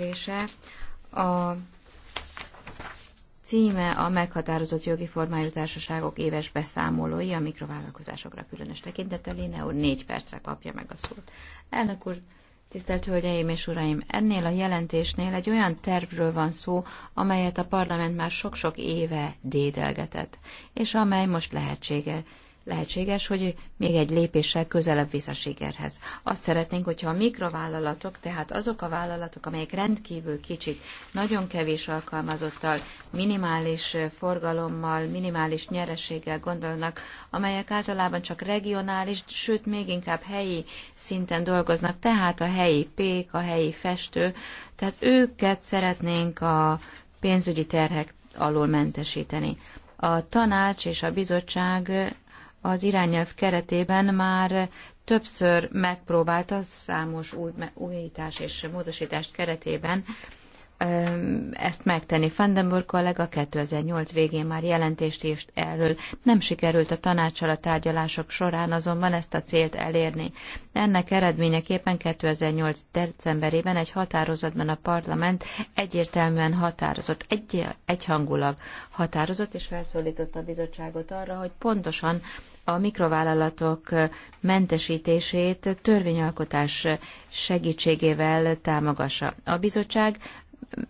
jelentése. A címe a meghatározott jogi formájú társaságok éves beszámolói a mikrovállalkozásokra különös tekintettel. Én úr négy percre kapja meg a szót. Elnök úr, Tisztelt Hölgyeim és Uraim! Ennél a jelentésnél egy olyan tervről van szó, amelyet a parlament már sok-sok éve dédelgetett, és amely most lehetséges lehetséges, hogy még egy lépéssel közelebb visz a sikerhez. Azt szeretnénk, hogyha a mikrovállalatok, tehát azok a vállalatok, amelyek rendkívül kicsik, nagyon kevés alkalmazottal, minimális forgalommal, minimális nyereséggel gondolnak, amelyek általában csak regionális, sőt még inkább helyi szinten dolgoznak, tehát a helyi pék, a helyi festő, tehát őket szeretnénk a pénzügyi terhek alól mentesíteni. A tanács és a bizottság az irányelv keretében már többször megpróbálta számos új, újítás és módosítás keretében ezt megtenni. Fandenburg kollega 2008 végén már jelentést írt erről. Nem sikerült a tanácssal a tárgyalások során azonban ezt a célt elérni. Ennek eredményeképpen 2008 decemberében egy határozatban a parlament egyértelműen határozott, egy, egyhangulag határozott, és felszólította a bizottságot arra, hogy pontosan a mikrovállalatok mentesítését törvényalkotás segítségével támogassa. A bizottság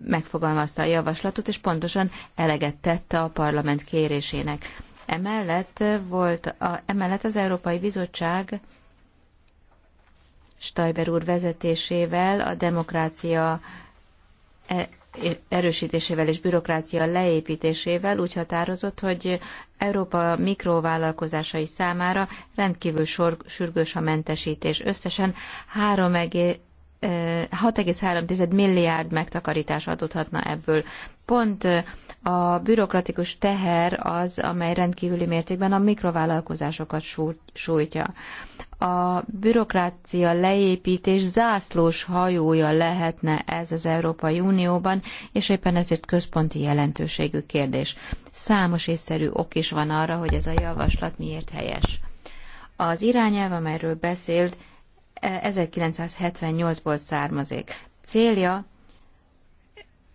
megfogalmazta a javaslatot, és pontosan eleget tette a parlament kérésének. Emellett, volt a, emellett az Európai Bizottság Stajber úr vezetésével a demokrácia e, erősítésével és bürokrácia leépítésével úgy határozott, hogy Európa mikrovállalkozásai számára rendkívül sor, sürgős a mentesítés. Összesen 6,3 milliárd megtakarítás adódhatna ebből. Pont a bürokratikus teher az, amely rendkívüli mértékben a mikrovállalkozásokat sújtja. A bürokrácia leépítés zászlós hajója lehetne ez az Európai Unióban, és éppen ezért központi jelentőségű kérdés. Számos észszerű ok is van arra, hogy ez a javaslat miért helyes. Az irányelv, amelyről beszélt, 1978-ból származik. Célja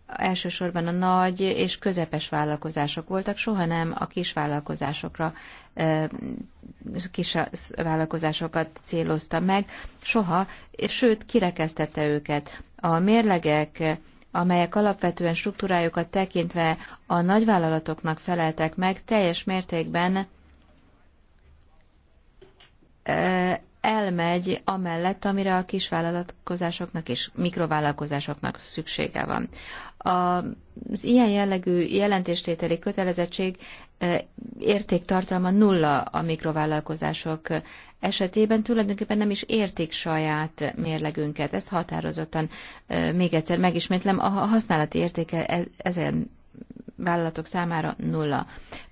elsősorban a nagy és közepes vállalkozások voltak, soha nem a kis vállalkozásokra, kis vállalkozásokat célozta meg, soha, sőt kirekeztette őket. A mérlegek, amelyek alapvetően struktúrájukat tekintve a nagyvállalatoknak feleltek meg, teljes mértékben elmegy amellett, amire a kisvállalkozásoknak és mikrovállalkozásoknak szüksége van. Az ilyen jellegű jelentéstételi kötelezettség e, értéktartalma nulla a mikrovállalkozások esetében tulajdonképpen nem is értik saját mérlegünket. Ezt határozottan e, még egyszer megismétlem, a használati értéke e, ezen vállalatok számára nulla.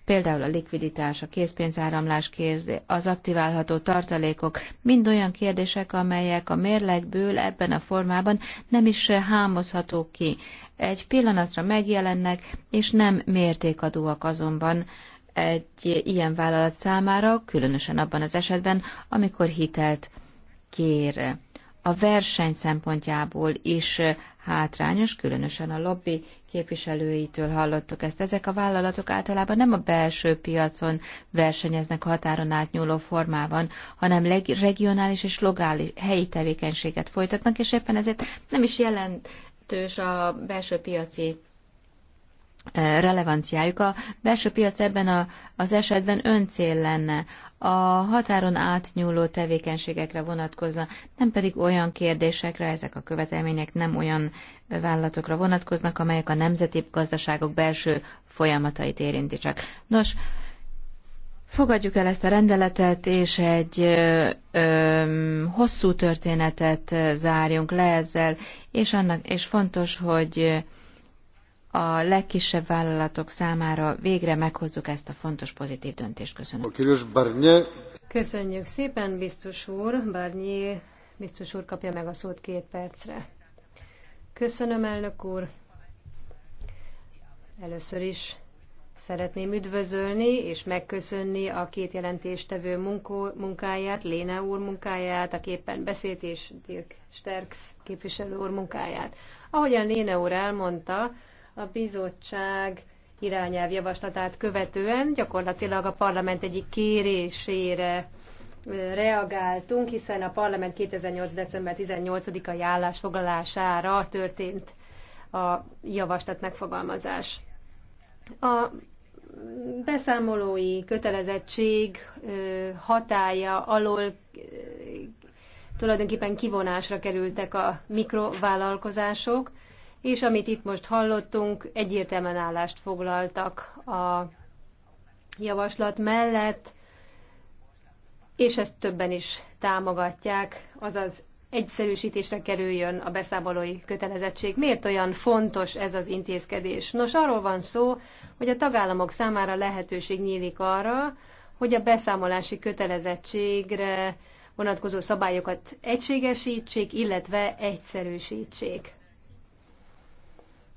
Például a likviditás, a készpénzáramlás kérdés, az aktiválható tartalékok, mind olyan kérdések, amelyek a mérlegből ebben a formában nem is hámozhatók ki. Egy pillanatra megjelennek, és nem mértékadóak azonban egy ilyen vállalat számára, különösen abban az esetben, amikor hitelt kér a verseny szempontjából is hátrányos, különösen a lobby képviselőitől hallottuk ezt. Ezek a vállalatok általában nem a belső piacon versenyeznek határon átnyúló formában, hanem regionális és logális helyi tevékenységet folytatnak, és éppen ezért nem is jelentős a belső piaci relevanciájuk. A belső piac ebben a, az esetben öncél lenne, a határon átnyúló tevékenységekre vonatkozna, nem pedig olyan kérdésekre, ezek a követelmények nem olyan vállalatokra vonatkoznak, amelyek a nemzeti gazdaságok belső folyamatait érinti csak. Nos, Fogadjuk el ezt a rendeletet, és egy ö, ö, hosszú történetet zárjunk le ezzel, és, annak, és fontos, hogy a legkisebb vállalatok számára végre meghozzuk ezt a fontos pozitív döntést. Köszönöm. Köszönjük szépen, biztos úr. Barnyé, biztos úr kapja meg a szót két percre. Köszönöm, elnök úr. Először is szeretném üdvözölni és megköszönni a két jelentéstevő munkó, munkáját, Léne úr munkáját, a képen beszélt és Dirk Sterks képviselő úr munkáját. Ahogyan Léne úr elmondta, a bizottság irányelv javaslatát követően gyakorlatilag a parlament egyik kérésére reagáltunk, hiszen a parlament 2008. december 18-ai állásfoglalására történt a javaslat megfogalmazás. A beszámolói kötelezettség hatája alól tulajdonképpen kivonásra kerültek a mikrovállalkozások, és amit itt most hallottunk, egyértelműen állást foglaltak a javaslat mellett, és ezt többen is támogatják, azaz egyszerűsítésre kerüljön a beszámolói kötelezettség. Miért olyan fontos ez az intézkedés? Nos, arról van szó, hogy a tagállamok számára lehetőség nyílik arra, hogy a beszámolási kötelezettségre vonatkozó szabályokat egységesítsék, illetve egyszerűsítsék.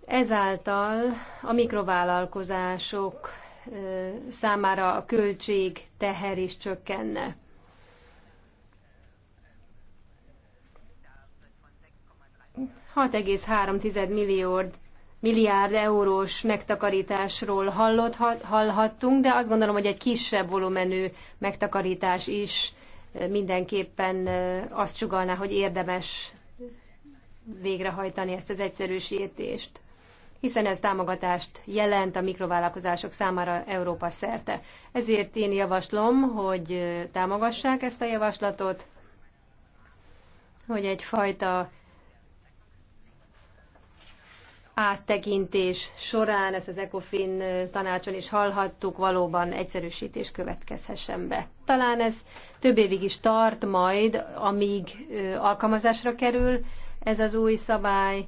Ezáltal a mikrovállalkozások számára a költség teher is csökkenne. milliárd milliárd eurós megtakarításról hallott, hallhattunk, de azt gondolom, hogy egy kisebb volumenű megtakarítás is mindenképpen azt csugalná, hogy érdemes végrehajtani ezt az egyszerűsítést hiszen ez támogatást jelent a mikrovállalkozások számára Európa szerte. Ezért én javaslom, hogy támogassák ezt a javaslatot, hogy egyfajta áttekintés során, ezt az ECOFIN tanácson is hallhattuk, valóban egyszerűsítés következhessen be. Talán ez több évig is tart majd, amíg alkalmazásra kerül ez az új szabály,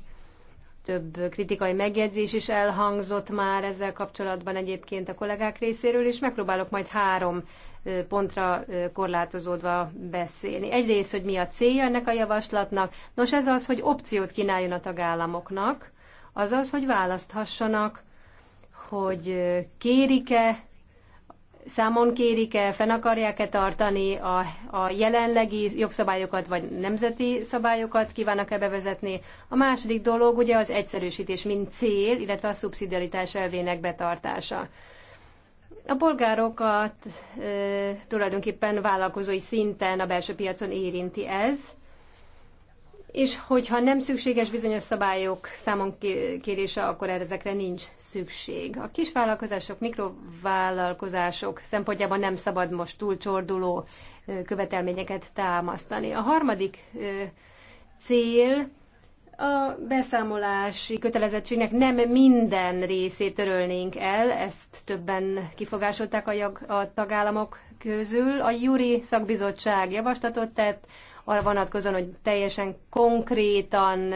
több kritikai megjegyzés is elhangzott már ezzel kapcsolatban egyébként a kollégák részéről, és megpróbálok majd három pontra korlátozódva beszélni. Egyrészt, hogy mi a célja ennek a javaslatnak. Nos, ez az, hogy opciót kínáljon a tagállamoknak, azaz, hogy választhassanak, hogy kérik-e számon kérik-e, fenn akarják-e tartani a, a jelenlegi jogszabályokat, vagy nemzeti szabályokat kívánnak-e bevezetni. A második dolog ugye az egyszerűsítés, mint cél, illetve a szubszidialitás elvének betartása. A polgárokat e, tulajdonképpen vállalkozói szinten a belső piacon érinti ez, és hogyha nem szükséges bizonyos szabályok számon kérése, akkor ezekre nincs szükség. A kisvállalkozások, mikrovállalkozások szempontjában nem szabad most túlcsorduló követelményeket támasztani. A harmadik cél a beszámolási kötelezettségnek nem minden részét törölnénk el, ezt többen kifogásolták a, a tagállamok közül. A Juri szakbizottság javaslatot tett, arra vonatkozóan, hogy teljesen konkrétan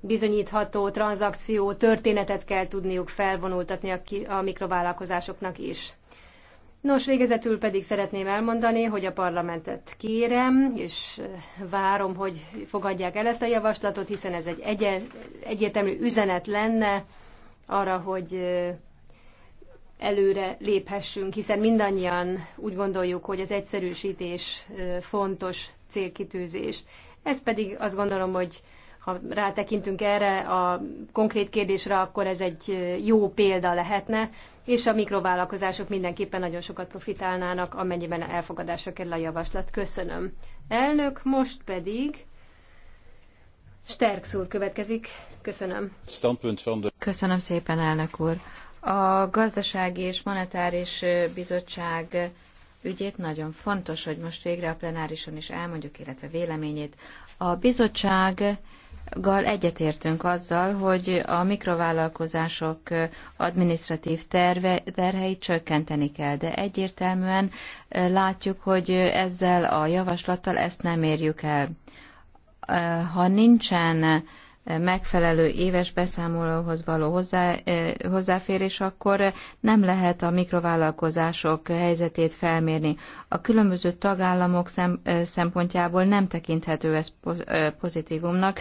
bizonyítható tranzakció történetet kell tudniuk felvonultatni a, ki, a mikrovállalkozásoknak is. Nos, végezetül pedig szeretném elmondani, hogy a parlamentet kérem, és várom, hogy fogadják el ezt a javaslatot, hiszen ez egy egy egyértelmű üzenet lenne arra, hogy előre léphessünk, hiszen mindannyian úgy gondoljuk, hogy az egyszerűsítés fontos célkitűzés. Ez pedig azt gondolom, hogy ha rátekintünk erre a konkrét kérdésre, akkor ez egy jó példa lehetne, és a mikrovállalkozások mindenképpen nagyon sokat profitálnának, amennyiben elfogadásra kerül a javaslat. Köszönöm. Elnök, most pedig Sterks úr következik. Köszönöm. Köszönöm szépen, elnök úr. A Gazdasági és Monetáris Bizottság ügyét. Nagyon fontos, hogy most végre a plenárison is elmondjuk, illetve véleményét. A bizottság Gal egyetértünk azzal, hogy a mikrovállalkozások administratív terve, terheit csökkenteni kell, de egyértelműen eh, látjuk, hogy ezzel a javaslattal ezt nem érjük el. Eh, ha nincsen megfelelő éves beszámolóhoz való hozzá, eh, hozzáférés, akkor nem lehet a mikrovállalkozások helyzetét felmérni. A különböző tagállamok eh, szempontjából nem tekinthető ez eh, pozitívumnak,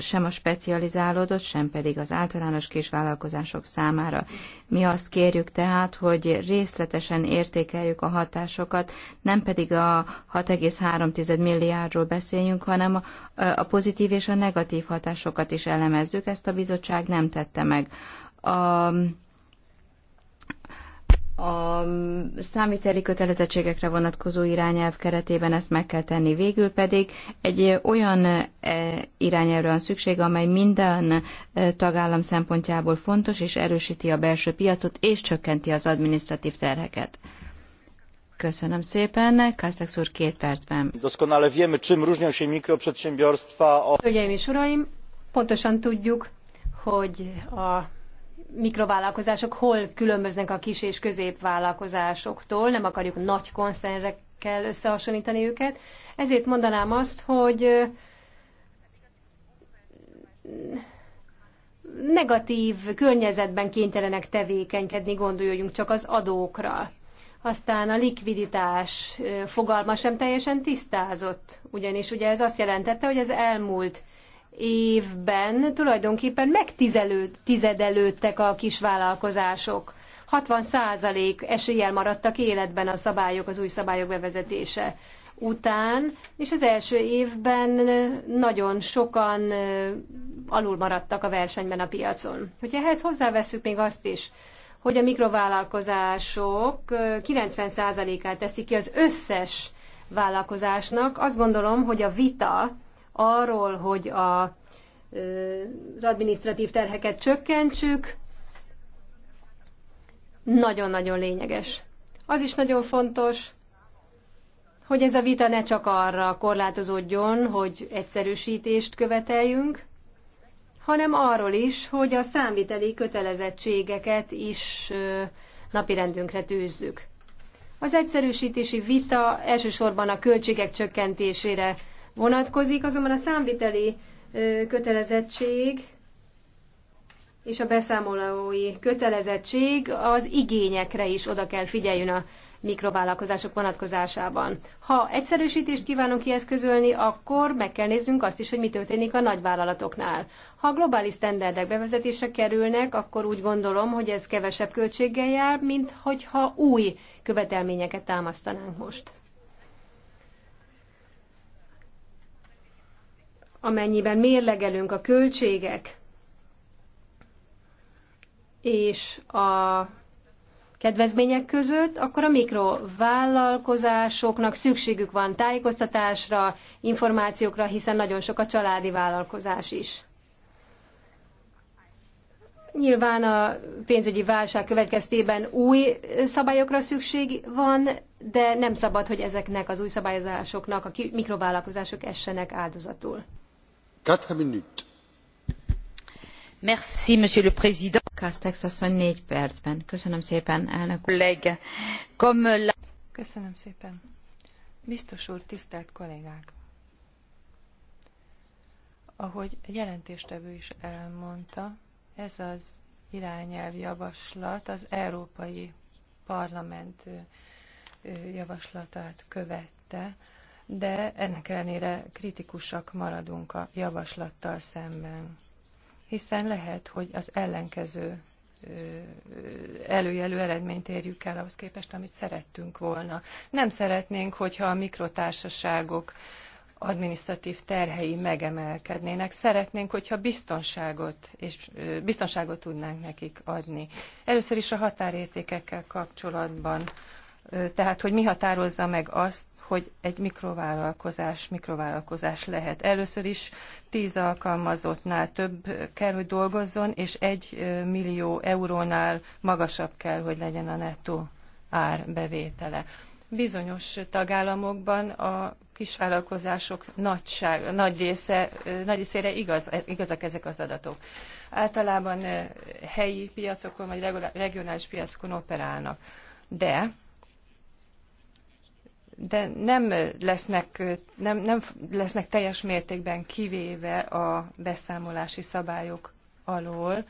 sem a specializálódott, sem pedig az általános kisvállalkozások számára. Mi azt kérjük tehát, hogy részletesen értékeljük a hatásokat, nem pedig a 6,3 milliárdról beszéljünk, hanem a pozitív és a negatív hatások adatokat is elemezzük, ezt a bizottság nem tette meg. A, a számíteli kötelezettségekre vonatkozó irányelv keretében ezt meg kell tenni. Végül pedig egy olyan e, irányelvre van szükség, amely minden e, tagállam szempontjából fontos, és erősíti a belső piacot, és csökkenti az administratív terheket. Köszönöm szépen. Kastex úr két percben. Doskonale wiemy, czym różnią się mikroprzedsiębiorstwa Hölgyeim és uraim, Pontosan tudjuk, hogy a mikrovállalkozások hol különböznek a kis és középvállalkozásoktól, nem akarjuk nagy konszerekkel összehasonlítani őket. Ezért mondanám azt, hogy negatív környezetben kénytelenek tevékenykedni, gondoljunk csak az adókra. Aztán a likviditás fogalma sem teljesen tisztázott, ugyanis ugye ez azt jelentette, hogy az elmúlt évben tulajdonképpen megtizedelődtek a kisvállalkozások. 60% eséllyel maradtak életben a szabályok, az új szabályok bevezetése után, és az első évben nagyon sokan alul maradtak a versenyben a piacon. Hogyha ehhez hozzáveszünk még azt is, hogy a mikrovállalkozások 90%-át teszik ki az összes vállalkozásnak, azt gondolom, hogy a vita arról, hogy a, az adminisztratív terheket csökkentsük, nagyon-nagyon lényeges. Az is nagyon fontos, hogy ez a vita ne csak arra korlátozódjon, hogy egyszerűsítést követeljünk, hanem arról is, hogy a számviteli kötelezettségeket is napirendünkre tűzzük. Az egyszerűsítési vita elsősorban a költségek csökkentésére vonatkozik, azonban a számviteli kötelezettség és a beszámolói kötelezettség az igényekre is oda kell figyeljön a mikrovállalkozások vonatkozásában. Ha egyszerűsítést kívánunk kieszközölni, akkor meg kell néznünk azt is, hogy mi történik a nagyvállalatoknál. Ha a globális standardek bevezetésre kerülnek, akkor úgy gondolom, hogy ez kevesebb költséggel jár, mint hogyha új követelményeket támasztanánk most. amennyiben mérlegelünk a költségek és a kedvezmények között, akkor a mikrovállalkozásoknak szükségük van tájékoztatásra, információkra, hiszen nagyon sok a családi vállalkozás is. Nyilván a pénzügyi válság következtében új szabályokra szükség van, de nem szabad, hogy ezeknek az új szabályozásoknak a mikrovállalkozások essenek áldozatul monsieur le président. Köszönöm szépen, kollégák! Ahogy a jelentéstevő is elmondta, ez az irányelv javaslat az Európai Parlament javaslatát követte, de ennek ellenére kritikusak maradunk a javaslattal szemben. Hiszen lehet, hogy az ellenkező előjelű eredményt érjük el ahhoz képest, amit szerettünk volna. Nem szeretnénk, hogyha a mikrotársaságok adminisztratív terhei megemelkednének. Szeretnénk, hogyha biztonságot, és biztonságot tudnánk nekik adni. Először is a határértékekkel kapcsolatban, tehát hogy mi határozza meg azt, hogy egy mikrovállalkozás mikrovállalkozás lehet. Először is tíz alkalmazottnál több kell, hogy dolgozzon, és egy millió eurónál magasabb kell, hogy legyen a nettó árbevétele. Bizonyos tagállamokban a kisvállalkozások nagyság, nagy, része, nagy részére igaz, igazak ezek az adatok. Általában helyi piacokon vagy regionális piacokon operálnak. De de nem lesznek, nem, nem lesznek teljes mértékben kivéve a beszámolási szabályok alól,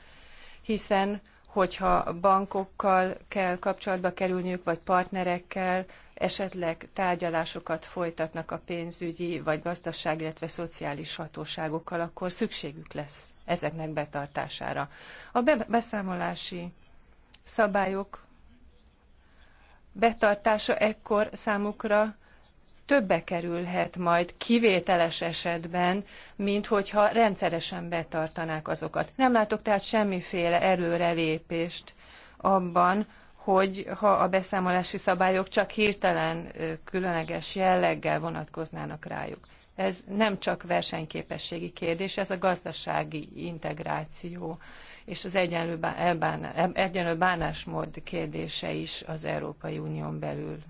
hiszen hogyha bankokkal kell kapcsolatba kerülniük, vagy partnerekkel, esetleg tárgyalásokat folytatnak a pénzügyi, vagy gazdaság, illetve szociális hatóságokkal, akkor szükségük lesz ezeknek betartására. A beszámolási szabályok betartása ekkor számukra többe kerülhet majd kivételes esetben, mint hogyha rendszeresen betartanák azokat. Nem látok tehát semmiféle előrelépést abban, hogy ha a beszámolási szabályok csak hirtelen különleges jelleggel vonatkoznának rájuk. Ez nem csak versenyképességi kérdés, ez a gazdasági integráció és az egyenlő, elbánás, egyenlő bánásmód kérdése is az Európai Unión belül.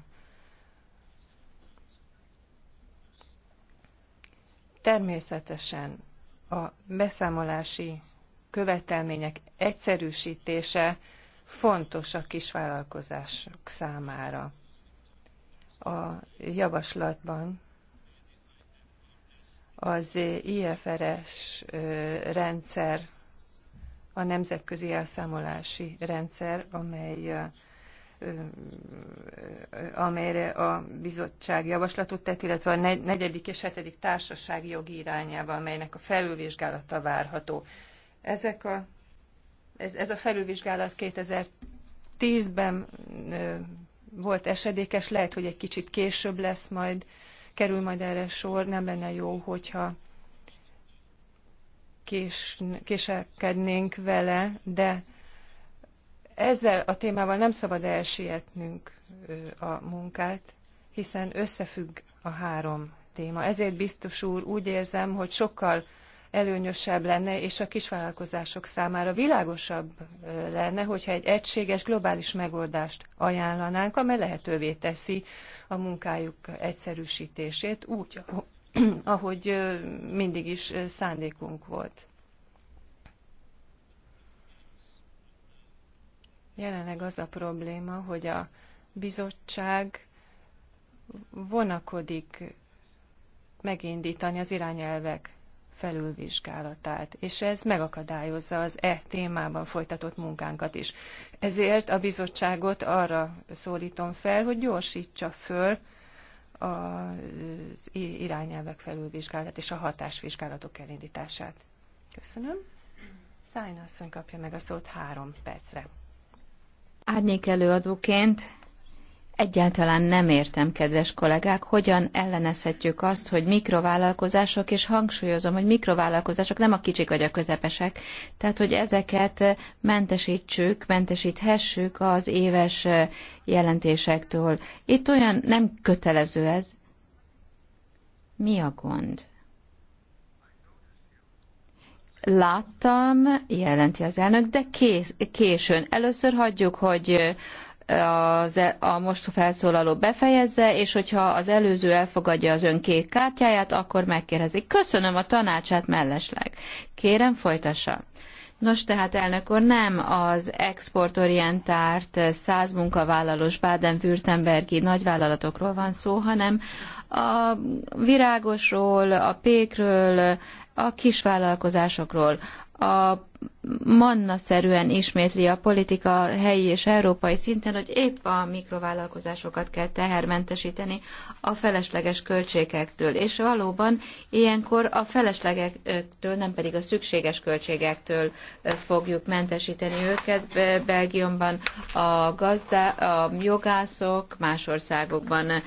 Természetesen a beszámolási követelmények egyszerűsítése fontos a kisvállalkozások számára. A javaslatban az IFRS rendszer a nemzetközi elszámolási rendszer, amely amelyre a bizottság javaslatot tett, illetve a negyedik és hetedik társasági jogi irányába, amelynek a felülvizsgálata várható. Ezek a, ez, ez a felülvizsgálat 2010-ben volt esedékes, lehet, hogy egy kicsit később lesz majd, kerül majd erre sor, nem lenne jó, hogyha kés, késelkednénk vele, de ezzel a témával nem szabad elsietnünk a munkát, hiszen összefügg a három téma. Ezért biztos úr úgy érzem, hogy sokkal előnyösebb lenne, és a kisvállalkozások számára világosabb lenne, hogyha egy egységes globális megoldást ajánlanánk, amely lehetővé teszi a munkájuk egyszerűsítését, úgy, ahogy mindig is szándékunk volt. Jelenleg az a probléma, hogy a bizottság vonakodik megindítani az irányelvek felülvizsgálatát, és ez megakadályozza az e témában folytatott munkánkat is. Ezért a bizottságot arra szólítom fel, hogy gyorsítsa föl az irányelvek felülvizsgálatát és a hatásvizsgálatok elindítását. Köszönöm. Szájna asszony kapja meg a szót három percre. Árnyék előadóként Egyáltalán nem értem, kedves kollégák, hogyan ellenezhetjük azt, hogy mikrovállalkozások, és hangsúlyozom, hogy mikrovállalkozások nem a kicsik vagy a közepesek, tehát hogy ezeket mentesítsük, mentesíthessük az éves jelentésektől. Itt olyan nem kötelező ez. Mi a gond? Láttam, jelenti az elnök, de kés, későn. Először hagyjuk, hogy az, e- a most felszólaló befejezze, és hogyha az előző elfogadja az ön kék kártyáját, akkor megkérdezi. Köszönöm a tanácsát mellesleg. Kérem, folytassa. Nos, tehát elnök úr, nem az exportorientált eh, száz munkavállalós Baden-Württembergi nagyvállalatokról van szó, hanem a virágosról, a pékről, a kisvállalkozásokról, a mannaszerűen ismétli a politika helyi és európai szinten, hogy épp a mikrovállalkozásokat kell tehermentesíteni a felesleges költségektől. És valóban ilyenkor a feleslegektől, nem pedig a szükséges költségektől fogjuk mentesíteni őket. Belgiumban a, gazda, a jogászok, más országokban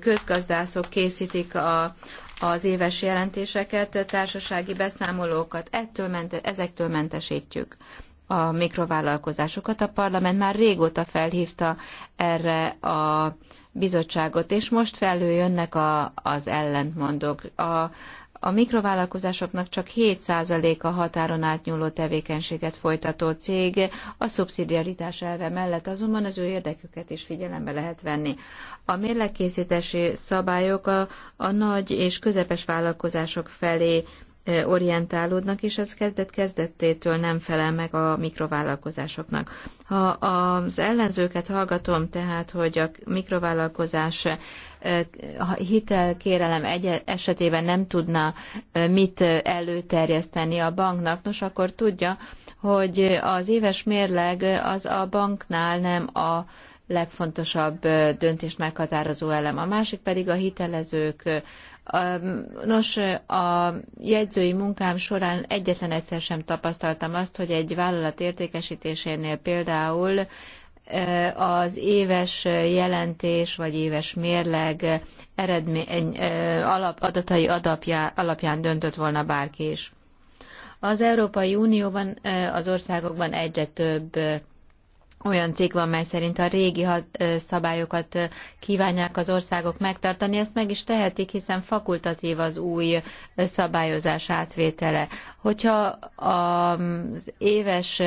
közgazdászok készítik a, az éves jelentéseket, társasági beszámolókat, ettől mente, ezektől mentesítjük a mikrovállalkozásokat. A parlament már régóta felhívta erre a bizottságot, és most felül jönnek a, az ellentmondók. A a mikrovállalkozásoknak csak 7%-a határon átnyúló tevékenységet folytató cég, a szubszidiaritás elve mellett azonban az ő érdeküket is figyelembe lehet venni. A mérlegkészítési szabályok a, a nagy és közepes vállalkozások felé orientálódnak, és ez kezdet-kezdettétől nem felel meg a mikrovállalkozásoknak. Ha az ellenzőket hallgatom, tehát, hogy a mikrovállalkozás hitelkérelem esetében nem tudna mit előterjeszteni a banknak, nos akkor tudja, hogy az éves mérleg az a banknál nem a legfontosabb döntést meghatározó elem. A másik pedig a hitelezők Nos, a jegyzői munkám során egyetlen egyszer sem tapasztaltam azt, hogy egy vállalat értékesítésénél például az éves jelentés vagy éves mérleg eredmény, alap, adatai adapjá, alapján döntött volna bárki is. Az Európai Unióban, az országokban egyre több olyan cikk van, mely szerint a régi szabályokat kívánják az országok megtartani, ezt meg is tehetik, hiszen fakultatív az új szabályozás átvétele. Hogyha az éves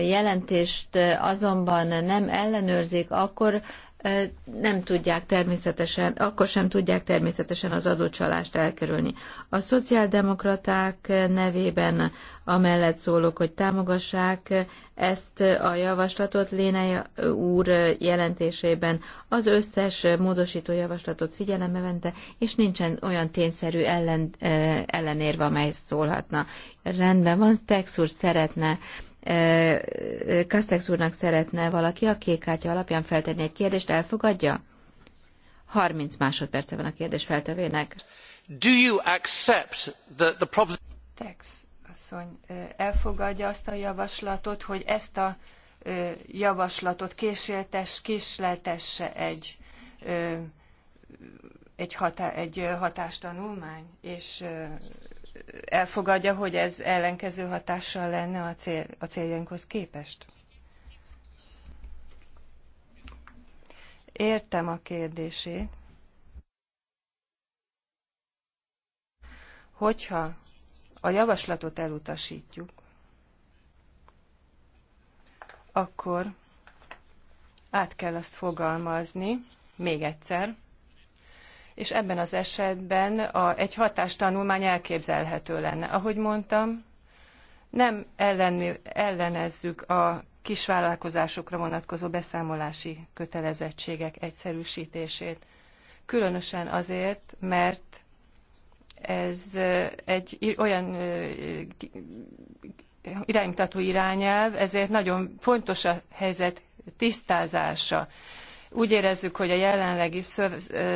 jelentést azonban nem ellenőrzik, akkor nem tudják természetesen, akkor sem tudják természetesen az adócsalást elkerülni. A szociáldemokraták nevében amellett szólok, hogy támogassák ezt a javaslatot Léne úr jelentésében az összes módosító javaslatot figyelembe vente, és nincsen olyan tényszerű ellen, ellenérve, amely szólhatna. Rendben van, Tex úr szeretne Kastex úrnak szeretne valaki a kék kártya alapján feltenni egy kérdést, elfogadja? 30 másodperce van a kérdés feltevének. Do you accept that the proposition... Tex asszony elfogadja azt a javaslatot, hogy ezt a javaslatot kísértes, kísérletesse egy, egy, hatá, egy hatástanulmány, és elfogadja, hogy ez ellenkező hatással lenne a, cél, a céljainkhoz képest? Értem a kérdését. Hogyha a javaslatot elutasítjuk, akkor át kell azt fogalmazni még egyszer, és ebben az esetben a, egy hatástanulmány elképzelhető lenne. Ahogy mondtam, nem ellen, ellenezzük a kisvállalkozásokra vonatkozó beszámolási kötelezettségek egyszerűsítését. Különösen azért, mert ez egy olyan iránymutató irányelv, ezért nagyon fontos a helyzet tisztázása. Úgy érezzük, hogy a jelenlegi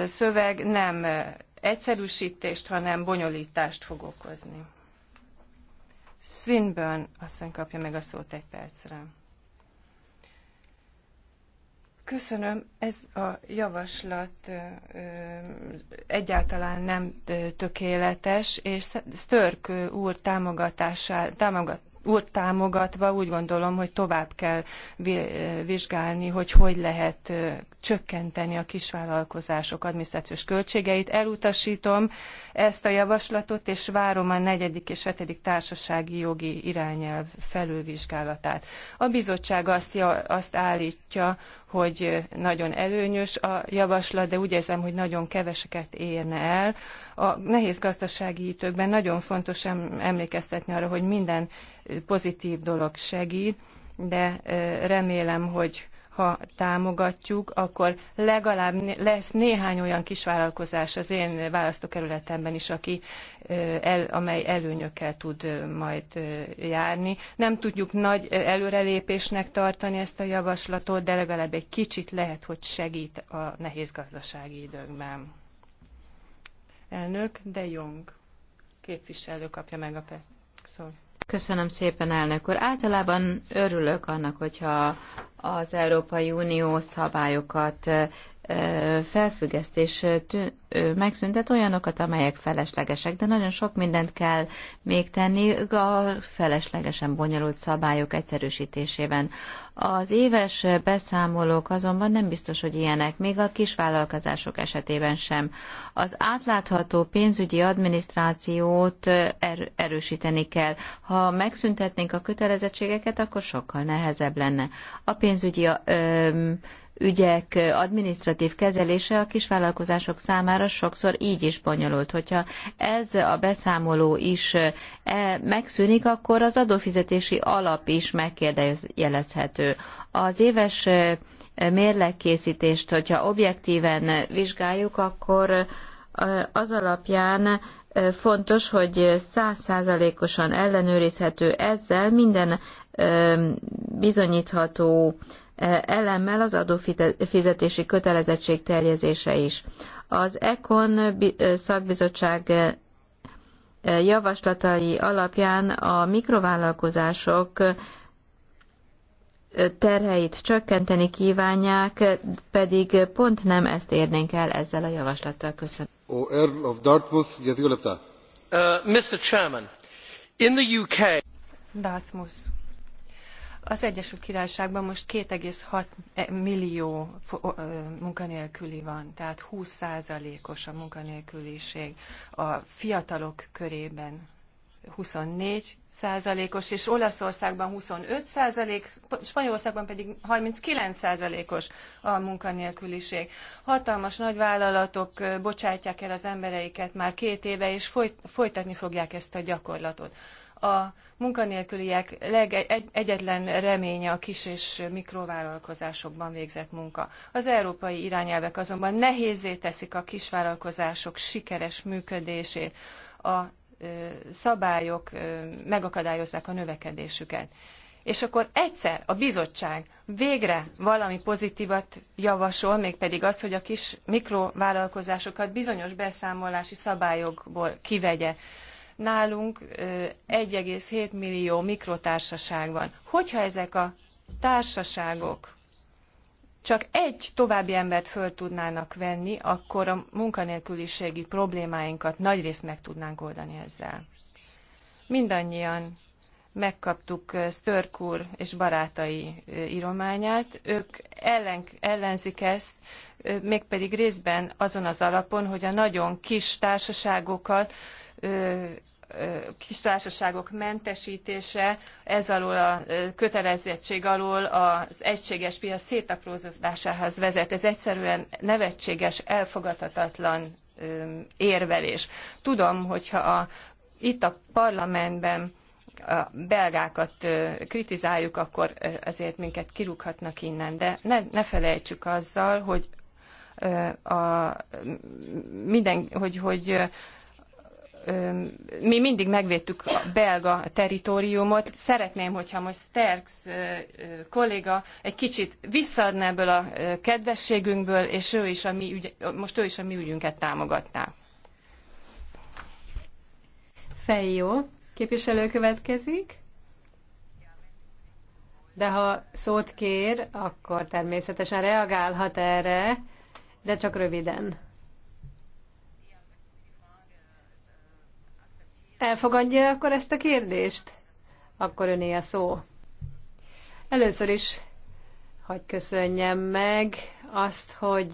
szöveg nem egyszerűsítést, hanem bonyolítást fog okozni. Swinburne asszony kapja meg a szót egy percre. Köszönöm, ez a javaslat egyáltalán nem tökéletes, és Störk úr támogatását, támogat, úgy támogatva úgy gondolom, hogy tovább kell eh, vizsgálni, hogy hogy lehet eh, csökkenteni a kisvállalkozások adminisztrációs költségeit. Elutasítom ezt a javaslatot, és várom a negyedik és hetedik társasági jogi irányelv felülvizsgálatát. A bizottság azt, azt állítja, hogy nagyon előnyös a javaslat, de úgy érzem, hogy nagyon keveseket érne el a nehéz gazdasági időkben nagyon fontos emlékeztetni arra, hogy minden pozitív dolog segít, de remélem, hogy ha támogatjuk, akkor legalább lesz néhány olyan kisvállalkozás az én választókerületemben is, aki, el, amely előnyökkel tud majd járni. Nem tudjuk nagy előrelépésnek tartani ezt a javaslatot, de legalább egy kicsit lehet, hogy segít a nehéz gazdasági időkben. Elnök De Jong képviselő kapja meg a szót. Köszönöm szépen, elnök úr. Általában örülök annak, hogyha az Európai Unió szabályokat felfüggesztés megszüntet olyanokat, amelyek feleslegesek, de nagyon sok mindent kell még tenni a feleslegesen bonyolult szabályok egyszerűsítésében. Az éves beszámolók azonban nem biztos, hogy ilyenek, még a kisvállalkozások esetében sem. Az átlátható pénzügyi adminisztrációt er-, erősíteni kell. Ha megszüntetnénk a kötelezettségeket, akkor sokkal nehezebb lenne. A pénzügyi ö, ügyek adminisztratív kezelése a kisvállalkozások számára sokszor így is bonyolult. Hogyha ez a beszámoló is e, megszűnik, akkor az adófizetési alap is megkérdőjelezhető. Az éves e, mérlegkészítést, hogyha objektíven vizsgáljuk, akkor e, az alapján fontos, hogy százszázalékosan ellenőrizhető ezzel minden bizonyítható E, elemmel az adófizetési kötelezettség terjezése is. Az ECON e, szakbizottság e, javaslatai alapján a mikrovállalkozások terheit csökkenteni kívánják, pedig pont nem ezt érnénk el ezzel a javaslattal. Köszönöm. O Earl of Dartmouth, uh, Mr. Chairman, in the UK... Dartmouth az Egyesült Királyságban most 2,6 millió munkanélküli van, tehát 20%-os a munkanélküliség a fiatalok körében. 24 százalékos, és Olaszországban 25 százalék, Spanyolországban pedig 39 százalékos a munkanélküliség. Hatalmas nagyvállalatok bocsátják el az embereiket már két éve, és folytatni fogják ezt a gyakorlatot a munkanélküliek leg, egyetlen reménye a kis és mikrovállalkozásokban végzett munka. Az európai irányelvek azonban nehézé teszik a kisvállalkozások sikeres működését, a szabályok megakadályozzák a növekedésüket. És akkor egyszer a bizottság végre valami pozitívat javasol, mégpedig az, hogy a kis mikrovállalkozásokat bizonyos beszámolási szabályokból kivegye nálunk 1,7 millió mikrotársaság van. Hogyha ezek a társaságok csak egy további embert föl tudnának venni, akkor a munkanélküliségi problémáinkat nagyrészt meg tudnánk oldani ezzel. Mindannyian megkaptuk Störk úr és barátai írományát. Ők ellen, ellenzik ezt, mégpedig részben azon az alapon, hogy a nagyon kis társaságokat kis társaságok mentesítése, ez alól a kötelezettség alól az egységes piac szétaprózódásához vezet. Ez egyszerűen nevetséges, elfogadhatatlan érvelés. Tudom, hogyha a, itt a parlamentben a belgákat kritizáljuk, akkor ezért minket kirúghatnak innen. De ne, ne felejtsük azzal, hogy a, minden, hogy, hogy mi mindig megvédtük a belga teritoriumot. Szeretném, hogyha most Sterks kolléga egy kicsit visszaadná ebből a kedvességünkből, és ő is a mi ügy, most ő is a mi ügyünket támogatná. Fejjó, képviselő következik. De ha szót kér, akkor természetesen reagálhat erre, de csak röviden. Elfogadja akkor ezt a kérdést? Akkor öné a szó. Először is hogy köszönjem meg azt, hogy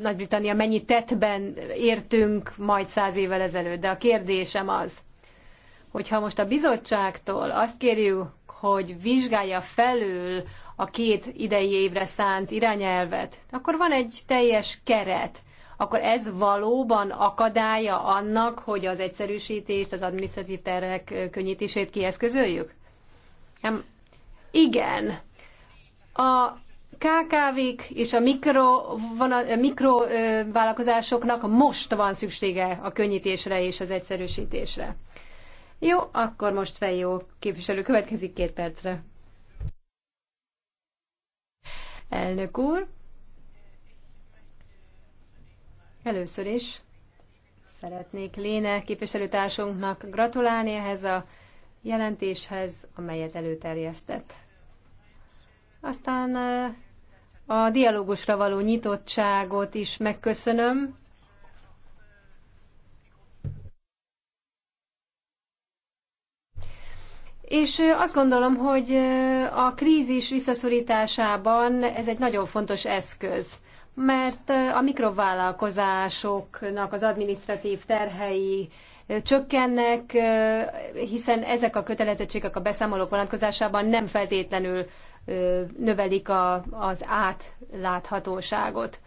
Nagy-Britannia mennyi tettben értünk majd száz évvel ezelőtt. De a kérdésem az, hogyha most a bizottságtól azt kérjük, hogy vizsgálja felül a két idei évre szánt irányelvet, akkor van egy teljes keret, akkor ez valóban akadálya annak, hogy az egyszerűsítést, az adminisztratív terek könnyítését kieszközöljük? Nem. Igen. A KKV-k és a mikrovállalkozásoknak mikro most van szüksége a könnyítésre és az egyszerűsítésre. Jó, akkor most jó képviselő következik két percre. Elnök úr, Először is szeretnék Léne képviselőtársunknak gratulálni ehhez a jelentéshez, amelyet előterjesztett. Aztán eh, a dialógusra való nyitottságot is megköszönöm. És eh, azt gondolom, hogy eh, a krízis visszaszorításában ez egy nagyon fontos eszköz mert a mikrovállalkozásoknak az administratív terhei csökkennek, hiszen ezek a kötelezettségek a beszámolók vonatkozásában nem feltétlenül növelik a, az átláthatóságot.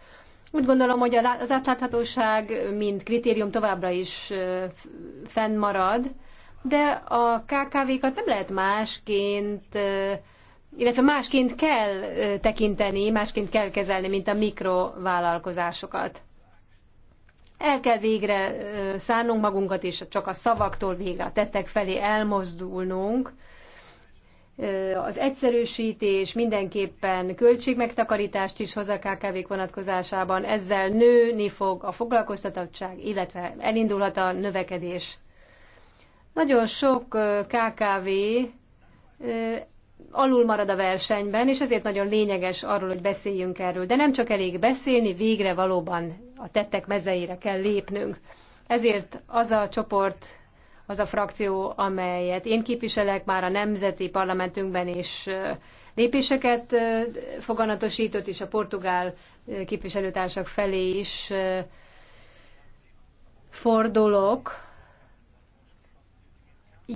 Úgy gondolom, hogy az átláthatóság, mint kritérium továbbra is fennmarad, de a KKV-kat nem lehet másként illetve másként kell tekinteni, másként kell kezelni, mint a mikrovállalkozásokat. El kell végre szánnunk magunkat, és csak a szavaktól végre a tettek felé elmozdulnunk. Az egyszerűsítés mindenképpen költségmegtakarítást is hoz a kkv vonatkozásában, ezzel nőni fog a foglalkoztatottság, illetve elindulhat a növekedés. Nagyon sok KKV alul marad a versenyben, és ezért nagyon lényeges arról, hogy beszéljünk erről. De nem csak elég beszélni, végre valóban a tettek mezeire kell lépnünk. Ezért az a csoport, az a frakció, amelyet én képviselek, már a nemzeti parlamentünkben is lépéseket foganatosított, és a portugál képviselőtársak felé is fordulok,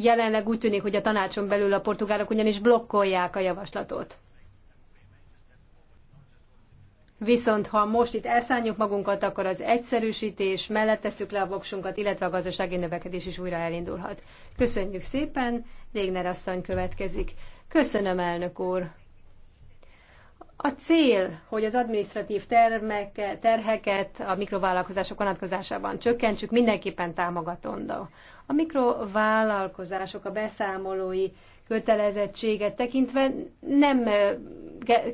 Jelenleg úgy tűnik, hogy a tanácson belül a portugálok ugyanis blokkolják a javaslatot. Viszont ha most itt elszálljuk magunkat, akkor az egyszerűsítés mellett tesszük le a voksunkat, illetve a gazdasági növekedés is újra elindulhat. Köszönjük szépen, Légner asszony következik. Köszönöm, elnök úr! A cél, hogy az administratív termeke, terheket a mikrovállalkozások vonatkozásában csökkentsük, mindenképpen támogatandó. A mikrovállalkozások a beszámolói kötelezettséget tekintve nem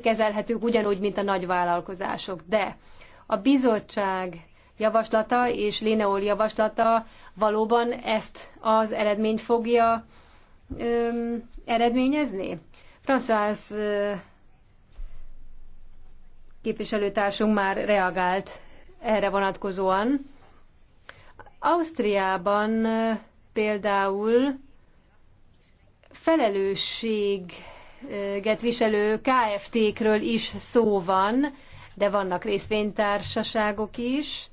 kezelhetők ugyanúgy, mint a nagyvállalkozások, de a bizottság javaslata és Léneol javaslata valóban ezt az eredményt fogja öm, eredményezni? François képviselőtársunk már reagált erre vonatkozóan. Ausztriában például felelősséget viselő KFT-kről is szó van, de vannak részvénytársaságok is,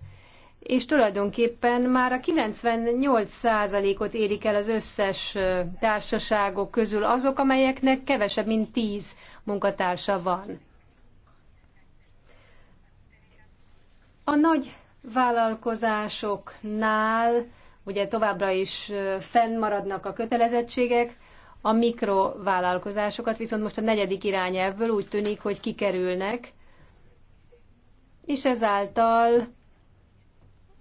és tulajdonképpen már a 98%-ot érik el az összes társaságok közül azok, amelyeknek kevesebb, mint 10 munkatársa van. A nagy vállalkozásoknál ugye továbbra is fennmaradnak a kötelezettségek, a mikrovállalkozásokat viszont most a negyedik irányelvből úgy tűnik, hogy kikerülnek, és ezáltal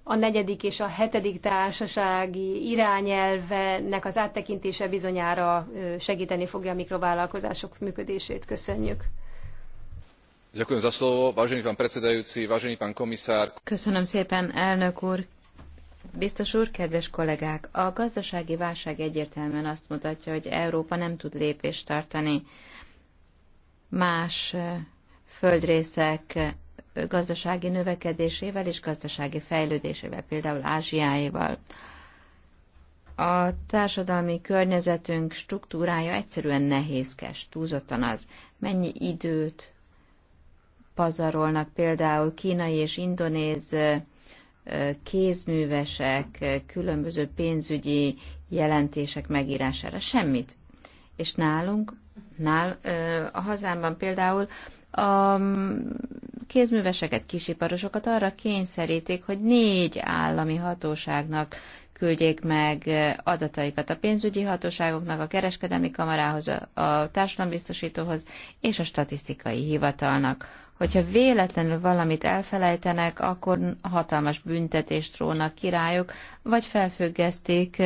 a negyedik és a hetedik társasági irányelvenek az áttekintése bizonyára segíteni fogja a mikrovállalkozások működését. Köszönjük! Köszönöm szépen, elnök úr, Biztos úr, kedves kollégák, a gazdasági válság egyértelműen azt mutatja, hogy Európa nem tud lépést tartani más eh, földrészek eh, gazdasági növekedésével és gazdasági fejlődésével, például Ázsiáéval. A társadalmi környezetünk struktúrája egyszerűen nehézkes, túlzottan az, mennyi időt, pazarolnak például kínai és indonéz kézművesek, különböző pénzügyi jelentések megírására. Semmit. És nálunk, nál, a hazámban például a kézműveseket, kisiparosokat arra kényszerítik, hogy négy állami hatóságnak küldjék meg adataikat a pénzügyi hatóságoknak, a kereskedelmi kamarához, a társadalombiztosítóhoz és a statisztikai hivatalnak Hogyha véletlenül valamit elfelejtenek, akkor hatalmas büntetést rónak királyok, vagy felfüggesztik,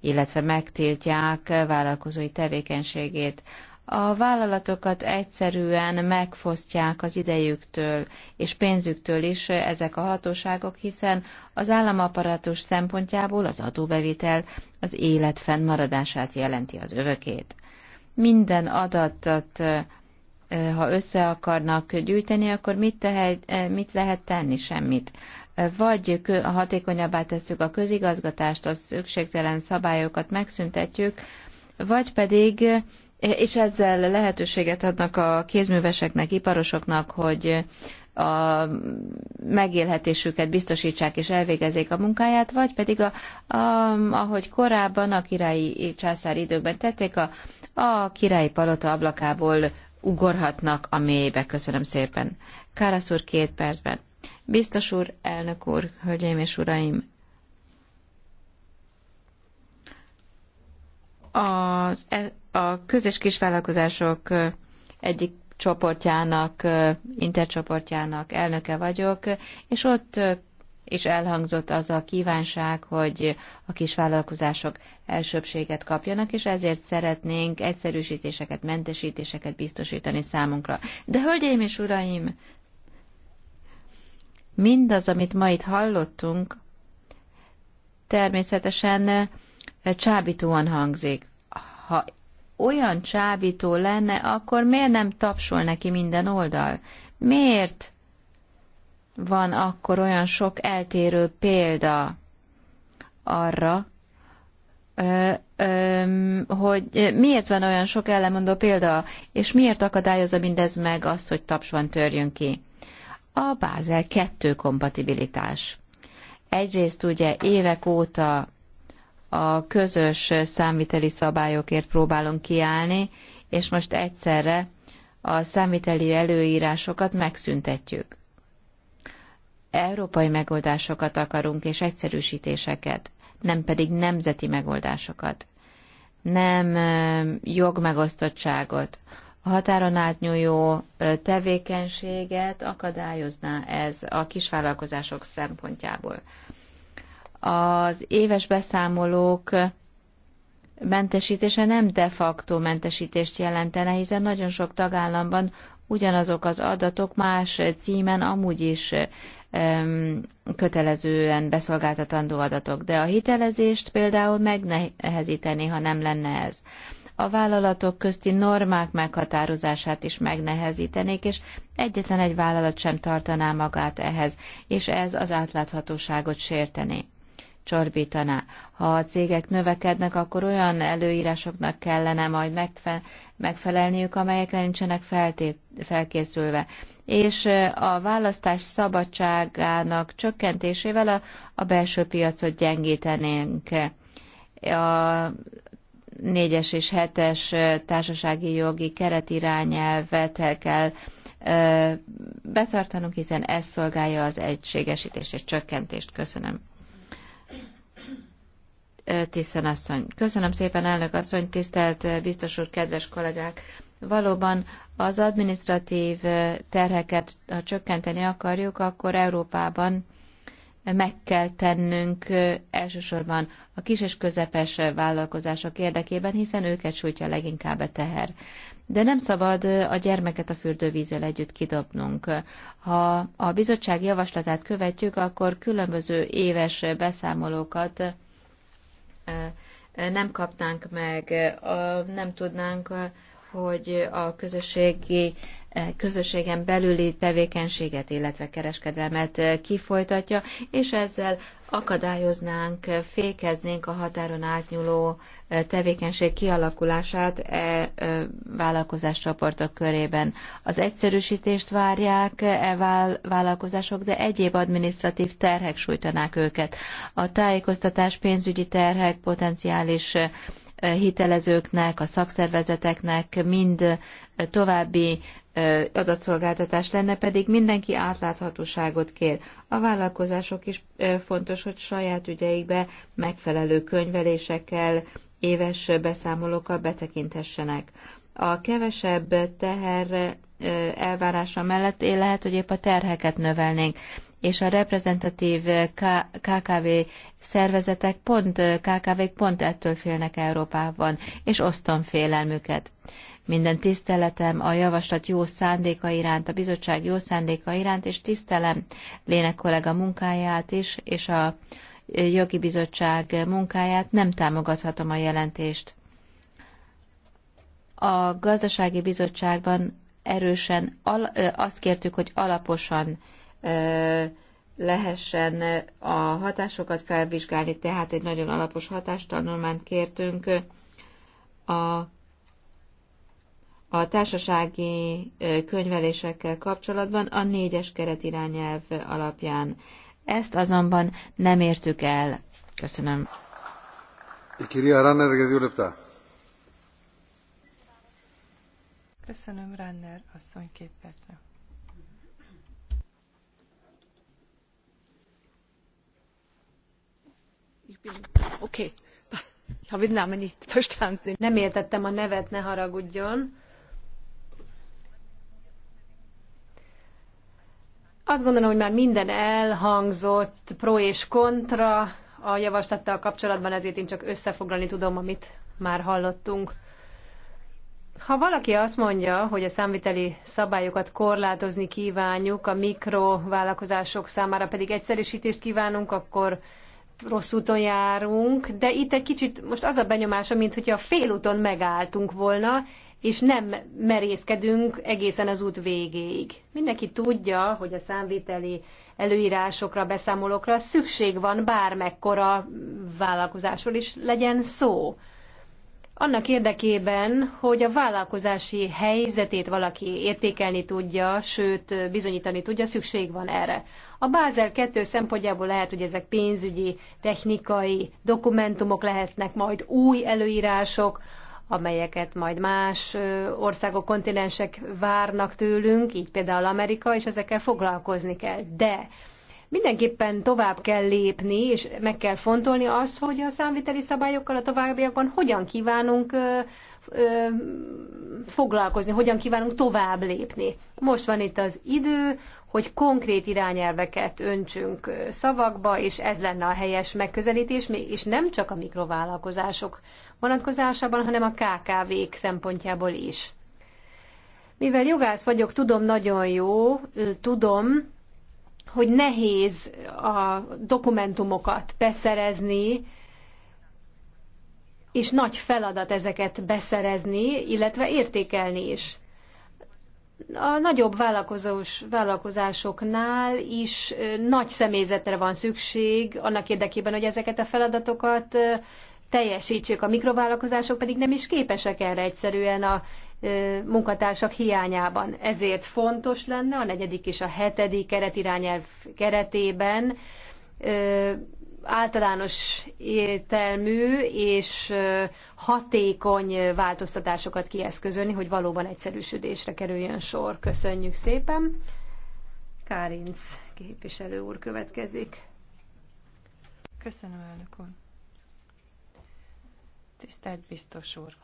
illetve megtiltják vállalkozói tevékenységét. A vállalatokat egyszerűen megfosztják az idejüktől és pénzüktől is ezek a hatóságok, hiszen az államaparatus szempontjából az adóbevitel az élet fennmaradását jelenti az övökét. Minden adatot ha össze akarnak gyűjteni, akkor mit, tehet, eh, mit lehet tenni? Semmit. Vagy hatékonyabbá tesszük a közigazgatást, az szükségtelen szabályokat megszüntetjük, vagy pedig, eh, és ezzel lehetőséget adnak a kézműveseknek, iparosoknak, hogy a megélhetésüket biztosítsák és elvégezzék a munkáját, vagy pedig a, a, ahogy korábban a királyi császár időkben tették, a, a királyi palota ablakából ugorhatnak a mélybe. Köszönöm szépen. Kálasz úr két percben. Biztos úr, elnök úr, hölgyeim és uraim, az, e, a közös kisvállalkozások egyik csoportjának, intercsoportjának elnöke vagyok, és ott és elhangzott az a kívánság, hogy a kis vállalkozások elsőbséget kapjanak, és ezért szeretnénk egyszerűsítéseket, mentesítéseket biztosítani számunkra. De hölgyeim és uraim, mindaz, amit ma itt hallottunk, természetesen csábítóan hangzik. Ha olyan csábító lenne, akkor miért nem tapsol neki minden oldal? Miért? van akkor olyan sok eltérő példa arra, Ö, ö, hogy miért van olyan sok ellenmondó példa, és miért akadályozza mindez meg azt, hogy tapsban törjön ki. A Bázel 2 kompatibilitás. Egyrészt ugye évek óta a közös számviteli szabályokért próbálunk kiállni, és most egyszerre a számviteli előírásokat megszüntetjük európai megoldásokat akarunk és egyszerűsítéseket, nem pedig nemzeti megoldásokat. Nem jogmegosztottságot. A határon átnyúló tevékenységet akadályozná ez a kisvállalkozások szempontjából. Az éves beszámolók mentesítése nem de facto mentesítést jelentene, hiszen nagyon sok tagállamban ugyanazok az adatok más címen amúgy is kötelezően beszolgáltatandó adatok, de a hitelezést például megnehezíteni, ha nem lenne ez. A vállalatok közti normák meghatározását is megnehezítenék, és egyetlen egy vállalat sem tartaná magát ehhez, és ez az átláthatóságot sértené csorbítaná. Ha a cégek növekednek, akkor olyan előírásoknak kellene majd megfelelniük, amelyekre nincsenek feltét, felkészülve. És a választás szabadságának csökkentésével a, a belső piacot gyengítenénk. A négyes és hetes társasági jogi keretirányelvet el kell betartanunk, hiszen ez szolgálja az egységesítést és csökkentést. Köszönöm. Tiszen asszony. Köszönöm szépen, elnök asszony, tisztelt eh, biztos úr, kedves kollégák! Valóban az administratív eh, terheket, ha csökkenteni akarjuk, akkor Európában meg kell tennünk eh, elsősorban a kis és közepes vállalkozások érdekében, hiszen őket sújtja leginkább a teher. De nem szabad a gyermeket a fürdővízzel együtt kidobnunk. Ha a bizottság javaslatát követjük, akkor különböző éves beszámolókat nem kapnánk meg, nem tudnánk, hogy a közösségi E, közösségen belüli tevékenységet, illetve kereskedelmet e, kifolytatja, és ezzel akadályoznánk, e, fékeznénk a határon átnyúló tevékenység kialakulását e vállalkozáscsoportok körében. Az egyszerűsítést várják e vállalkozások, de egyéb administratív terhek sújtanák őket. A tájékoztatás pénzügyi terhek potenciális hitelezőknek, a szakszervezeteknek mind további adatszolgáltatás lenne, pedig mindenki átláthatóságot kér. A vállalkozások is fontos, hogy saját ügyeikbe megfelelő könyvelésekkel, éves beszámolókkal betekintessenek. A kevesebb teher elvárása mellett én lehet, hogy épp a terheket növelnénk, és a reprezentatív KKV szervezetek pont, kkv pont ettől félnek Európában, és osztom félelmüket. Minden tiszteletem a javaslat jó szándéka iránt, a bizottság jó szándéka iránt, és tisztelem Lének kollega munkáját is, és a jogi bizottság munkáját, nem támogathatom a jelentést. A gazdasági bizottságban erősen azt kértük, hogy alaposan lehessen a hatásokat felvizsgálni, tehát egy nagyon alapos hatástanulmányt kértünk a a társasági könyvelésekkel kapcsolatban a négyes keretirányelv alapján. Ezt azonban nem értük el. Köszönöm. Köszönöm, Ranner asszony, két percre. Oké, okay. ich Nem értettem a nevet, ne haragudjon. Azt gondolom, hogy már minden elhangzott pro és kontra a javaslattal kapcsolatban, ezért én csak összefoglalni tudom, amit már hallottunk. Ha valaki azt mondja, hogy a számviteli szabályokat korlátozni kívánjuk, a mikrovállalkozások számára pedig egyszerűsítést kívánunk, akkor rossz úton járunk, de itt egy kicsit most az a benyomásom, mint hogyha félúton megálltunk volna, és nem merészkedünk egészen az út végéig. Mindenki tudja, hogy a számviteli előírásokra, beszámolókra szükség van bármekkora vállalkozásról is legyen szó. Annak érdekében, hogy a vállalkozási helyzetét valaki értékelni tudja, sőt bizonyítani tudja, szükség van erre. A Bázel 2 szempontjából lehet, hogy ezek pénzügyi, technikai dokumentumok lehetnek, majd új előírások, amelyeket majd más országok, kontinensek várnak tőlünk, így például Amerika, és ezekkel foglalkozni kell. De mindenképpen tovább kell lépni, és meg kell fontolni azt, hogy a számviteli szabályokkal a továbbiakban hogyan kívánunk foglalkozni, hogyan kívánunk tovább lépni. Most van itt az idő, hogy konkrét irányelveket öntsünk szavakba, és ez lenne a helyes megközelítés, és nem csak a mikrovállalkozások vonatkozásában, hanem a KKV-k szempontjából is. Mivel jogász vagyok, tudom nagyon jó, tudom, hogy nehéz a dokumentumokat beszerezni, és nagy feladat ezeket beszerezni, illetve értékelni is. A nagyobb vállalkozós vállalkozásoknál is nagy személyzetre van szükség annak érdekében, hogy ezeket a feladatokat teljesítsük, a mikrovállalkozások pedig nem is képesek erre egyszerűen a munkatársak hiányában. Ezért fontos lenne a negyedik és a hetedik keretirányelv keretében általános értelmű és hatékony változtatásokat kieszközölni, hogy valóban egyszerűsödésre kerüljön sor. Köszönjük szépen. Kárinc képviselő úr következik. Köszönöm, elnök úr. Tisztelt biztos úr!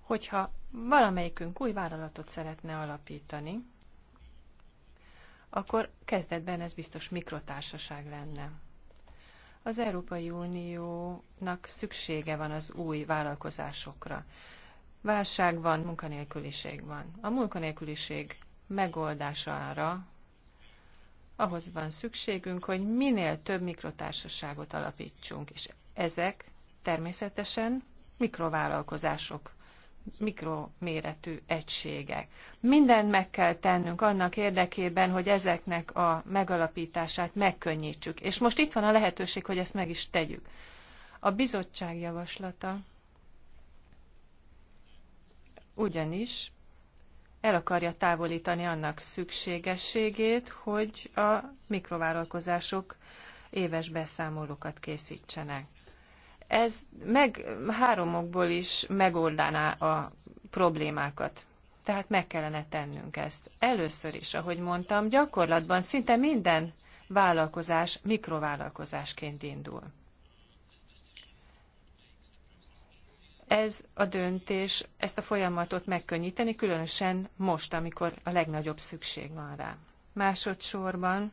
Hogyha valamelyikünk új vállalatot szeretne alapítani, akkor kezdetben ez biztos mikrotársaság lenne. Az Európai Uniónak szüksége van az új vállalkozásokra. Válság van, munkanélküliség van. A munkanélküliség megoldására ahhoz van szükségünk, hogy minél több mikrotársaságot alapítsunk, és ezek természetesen mikrovállalkozások, mikroméretű egységek. Mindent meg kell tennünk annak érdekében, hogy ezeknek a megalapítását megkönnyítsük. És most itt van a lehetőség, hogy ezt meg is tegyük. A bizottság javaslata ugyanis el akarja távolítani annak szükségességét, hogy a mikrovállalkozások éves beszámolókat készítsenek. Ez meg háromokból is megoldaná a problémákat. Tehát meg kellene tennünk ezt. Először is, ahogy mondtam, gyakorlatban szinte minden vállalkozás mikrovállalkozásként indul. Ez a döntés, ezt a folyamatot megkönnyíteni, különösen most, amikor a legnagyobb szükség van rá. Másodszorban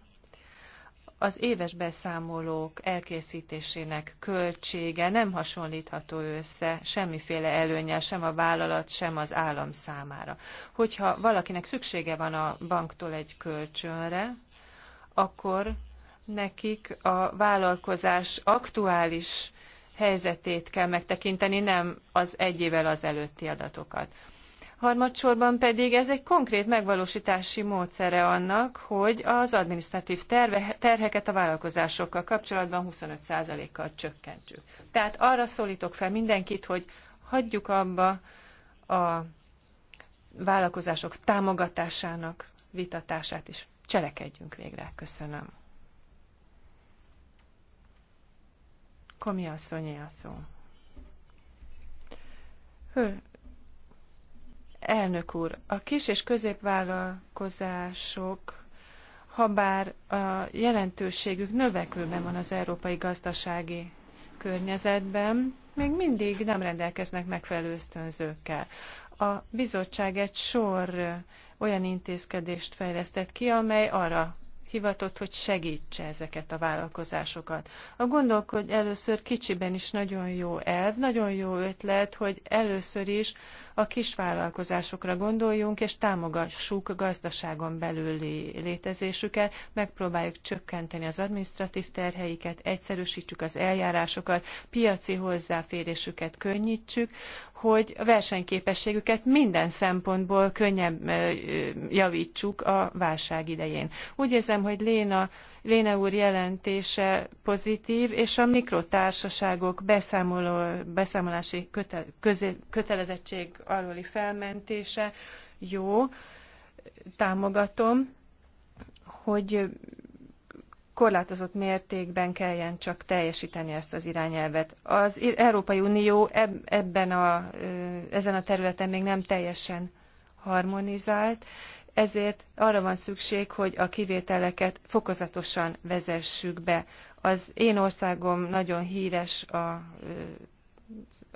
az éves beszámolók elkészítésének költsége nem hasonlítható össze semmiféle előnyel sem a vállalat, sem az állam számára. Hogyha valakinek szüksége van a banktól egy kölcsönre, akkor nekik a vállalkozás aktuális helyzetét kell megtekinteni, nem az egy évvel az előtti adatokat harmadsorban pedig ez egy konkrét megvalósítási módszere annak, hogy az adminisztratív terve, terheket a vállalkozásokkal kapcsolatban 25%-kal csökkentsük. Tehát arra szólítok fel mindenkit, hogy hagyjuk abba a vállalkozások támogatásának vitatását és Cselekedjünk végre. Köszönöm. Komi a szó. Hör, Elnök úr, a kis és középvállalkozások, ha bár a jelentőségük növekvőben van az európai gazdasági környezetben, még mindig nem rendelkeznek megfelelő ösztönzőkkel. A bizottság egy sor olyan intézkedést fejlesztett ki, amely arra hivatott, hogy segítse ezeket a vállalkozásokat. A gondolkodj először kicsiben is nagyon jó elv, nagyon jó ötlet, hogy először is a kisvállalkozásokra gondoljunk, és támogassuk gazdaságon belüli létezésüket, megpróbáljuk csökkenteni az administratív terheiket, egyszerűsítsük az eljárásokat, piaci hozzáférésüket könnyítsük, hogy a versenyképességüket minden szempontból könnyebb javítsuk a válság idején. Úgy érzem, hogy Léna Léne úr jelentése pozitív, és a mikrotársaságok beszámoló, beszámolási köte, kötelezettség alóli felmentése jó, támogatom, hogy korlátozott mértékben kelljen csak teljesíteni ezt az irányelvet. Az Európai Unió ebben a, ezen a területen még nem teljesen harmonizált, ezért arra van szükség, hogy a kivételeket fokozatosan vezessük be. Az én országom nagyon híres a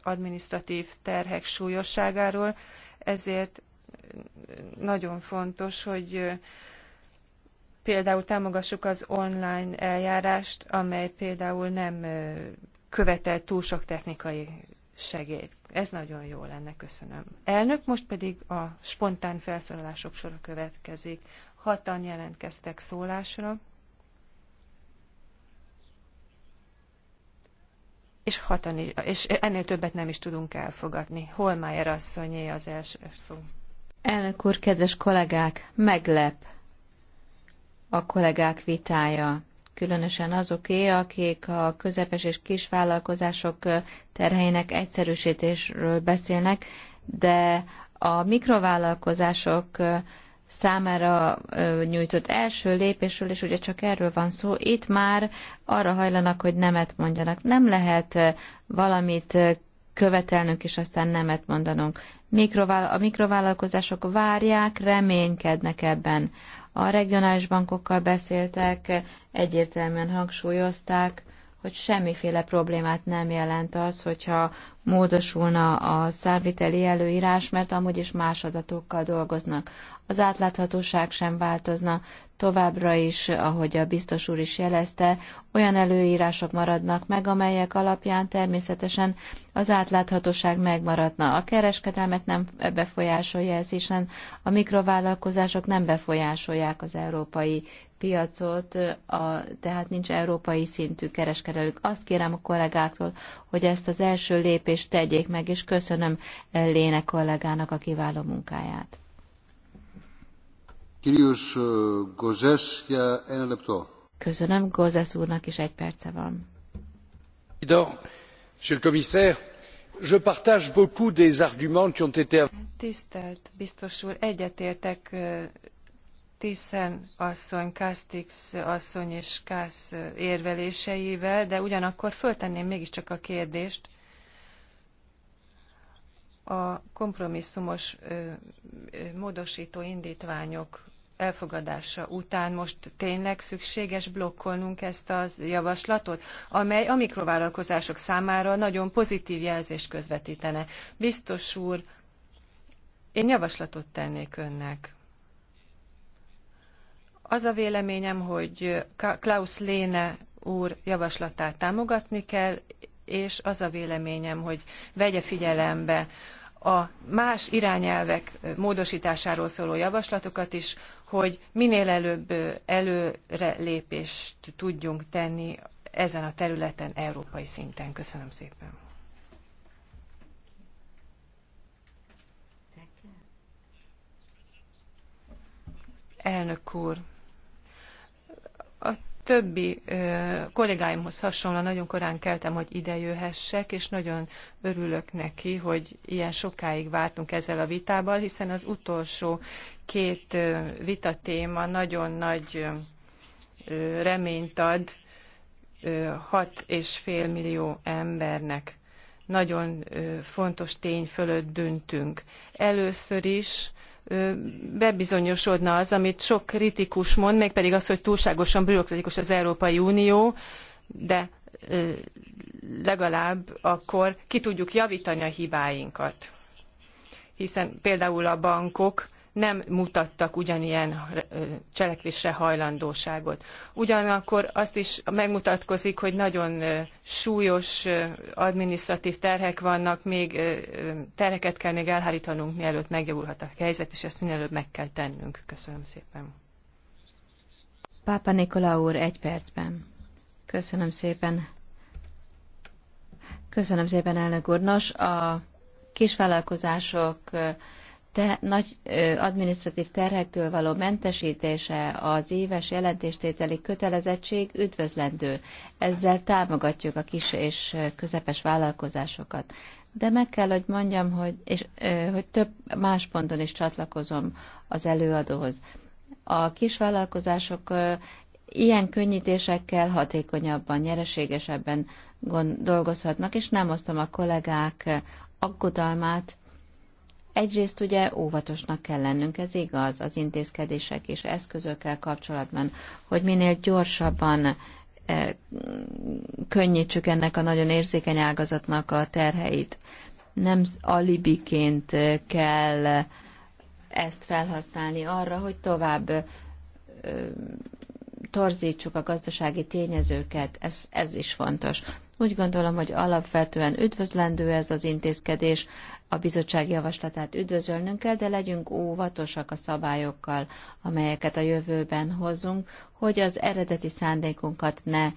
administratív terhek súlyosságáról, ezért nagyon fontos, hogy például támogassuk az online eljárást, amely például nem követel túl sok technikai segélyt. Ez nagyon jó lenne, köszönöm. Elnök, most pedig a spontán felszólalások sora következik. Hatan jelentkeztek szólásra. És, hatan, és ennél többet nem is tudunk elfogadni. Holmájer asszonyé az első szó. Elnök úr, kedves kollégák, meglep a kollégák vitája különösen azoké, akik a közepes és kis vállalkozások terheinek egyszerűsítésről beszélnek, de a mikrovállalkozások számára nyújtott első lépésről, és ugye csak erről van szó, itt már arra hajlanak, hogy nemet mondjanak. Nem lehet valamit követelnünk, és aztán nemet mondanunk. A mikrovállalkozások várják, reménykednek ebben. A regionális bankokkal beszéltek, egyértelműen hangsúlyozták, hogy semmiféle problémát nem jelent az, hogyha módosulna a számviteli előírás, mert amúgy is más adatokkal dolgoznak az átláthatóság sem változna. Továbbra is, ahogy a biztos úr is jelezte, olyan előírások maradnak meg, amelyek alapján természetesen az átláthatóság megmaradna. A kereskedelmet nem befolyásolja ez, hiszen a mikrovállalkozások nem befolyásolják az európai piacot, a, tehát nincs európai szintű kereskedelők. Azt kérem a kollégáktól, hogy ezt az első lépést tegyék meg, és köszönöm Léne kollégának a kiváló munkáját. Köszönöm, Gozes úrnak is egy perce van. Monsieur le commissaire, je partage beaucoup des arguments qui ont été... Tisztelt biztos úr, egyetértek Tiszen asszony, Kastix asszony és Kász érveléseivel, de ugyanakkor föltenném mégiscsak a kérdést a kompromisszumos módosító indítványok elfogadása után most tényleg szükséges blokkolnunk ezt a javaslatot, amely a mikrovállalkozások számára nagyon pozitív jelzést közvetítene. Biztos úr, én javaslatot tennék önnek. Az a véleményem, hogy Klaus Léne úr javaslatát támogatni kell, és az a véleményem, hogy vegye figyelembe a más irányelvek módosításáról szóló javaslatokat is, hogy minél előbb előre lépést tudjunk tenni ezen a területen európai szinten. Köszönöm szépen. Elnök úr, a többi ö, kollégáimhoz hasonlóan nagyon korán keltem, hogy ide jöhessek, és nagyon örülök neki, hogy ilyen sokáig vártunk ezzel a vitával, hiszen az utolsó két vitatéma nagyon nagy reményt ad 6,5 millió embernek. Nagyon fontos tény fölött döntünk. Először is bebizonyosodna az, amit sok kritikus mond, mégpedig az, hogy túlságosan bürokratikus az Európai Unió, de legalább akkor ki tudjuk javítani a hibáinkat. Hiszen például a bankok nem mutattak ugyanilyen cselekvésre hajlandóságot. Ugyanakkor azt is megmutatkozik, hogy nagyon súlyos administratív terhek vannak, még terheket kell még elhárítanunk, mielőtt megjavulhat a helyzet, és ezt mielőtt meg kell tennünk. Köszönöm szépen. Pápa Nikola úr, egy percben. Köszönöm szépen. Köszönöm szépen, elnök úr. Nos, a kisvállalkozások te, nagy adminisztratív terhektől való mentesítése, az éves jelentéstételi kötelezettség üdvözlendő. Ezzel támogatjuk a kis és közepes vállalkozásokat. De meg kell, hogy mondjam, hogy, és, hogy több más ponton is csatlakozom az előadóhoz. A kisvállalkozások ilyen könnyítésekkel hatékonyabban, nyereségesebben dolgozhatnak, és nem osztom a kollégák aggodalmát, Egyrészt ugye óvatosnak kell lennünk, ez igaz, az intézkedések és eszközökkel kapcsolatban, hogy minél gyorsabban eh, könnyítsük ennek a nagyon érzékeny ágazatnak a terheit. Nem alibiként eh, kell ezt felhasználni arra, hogy tovább eh, torzítsuk a gazdasági tényezőket, ez, ez is fontos. Úgy gondolom, hogy alapvetően üdvözlendő ez az intézkedés, a bizottság javaslatát üdvözölnünk kell, de legyünk óvatosak a szabályokkal, amelyeket a jövőben hozunk, hogy az eredeti szándékunkat ne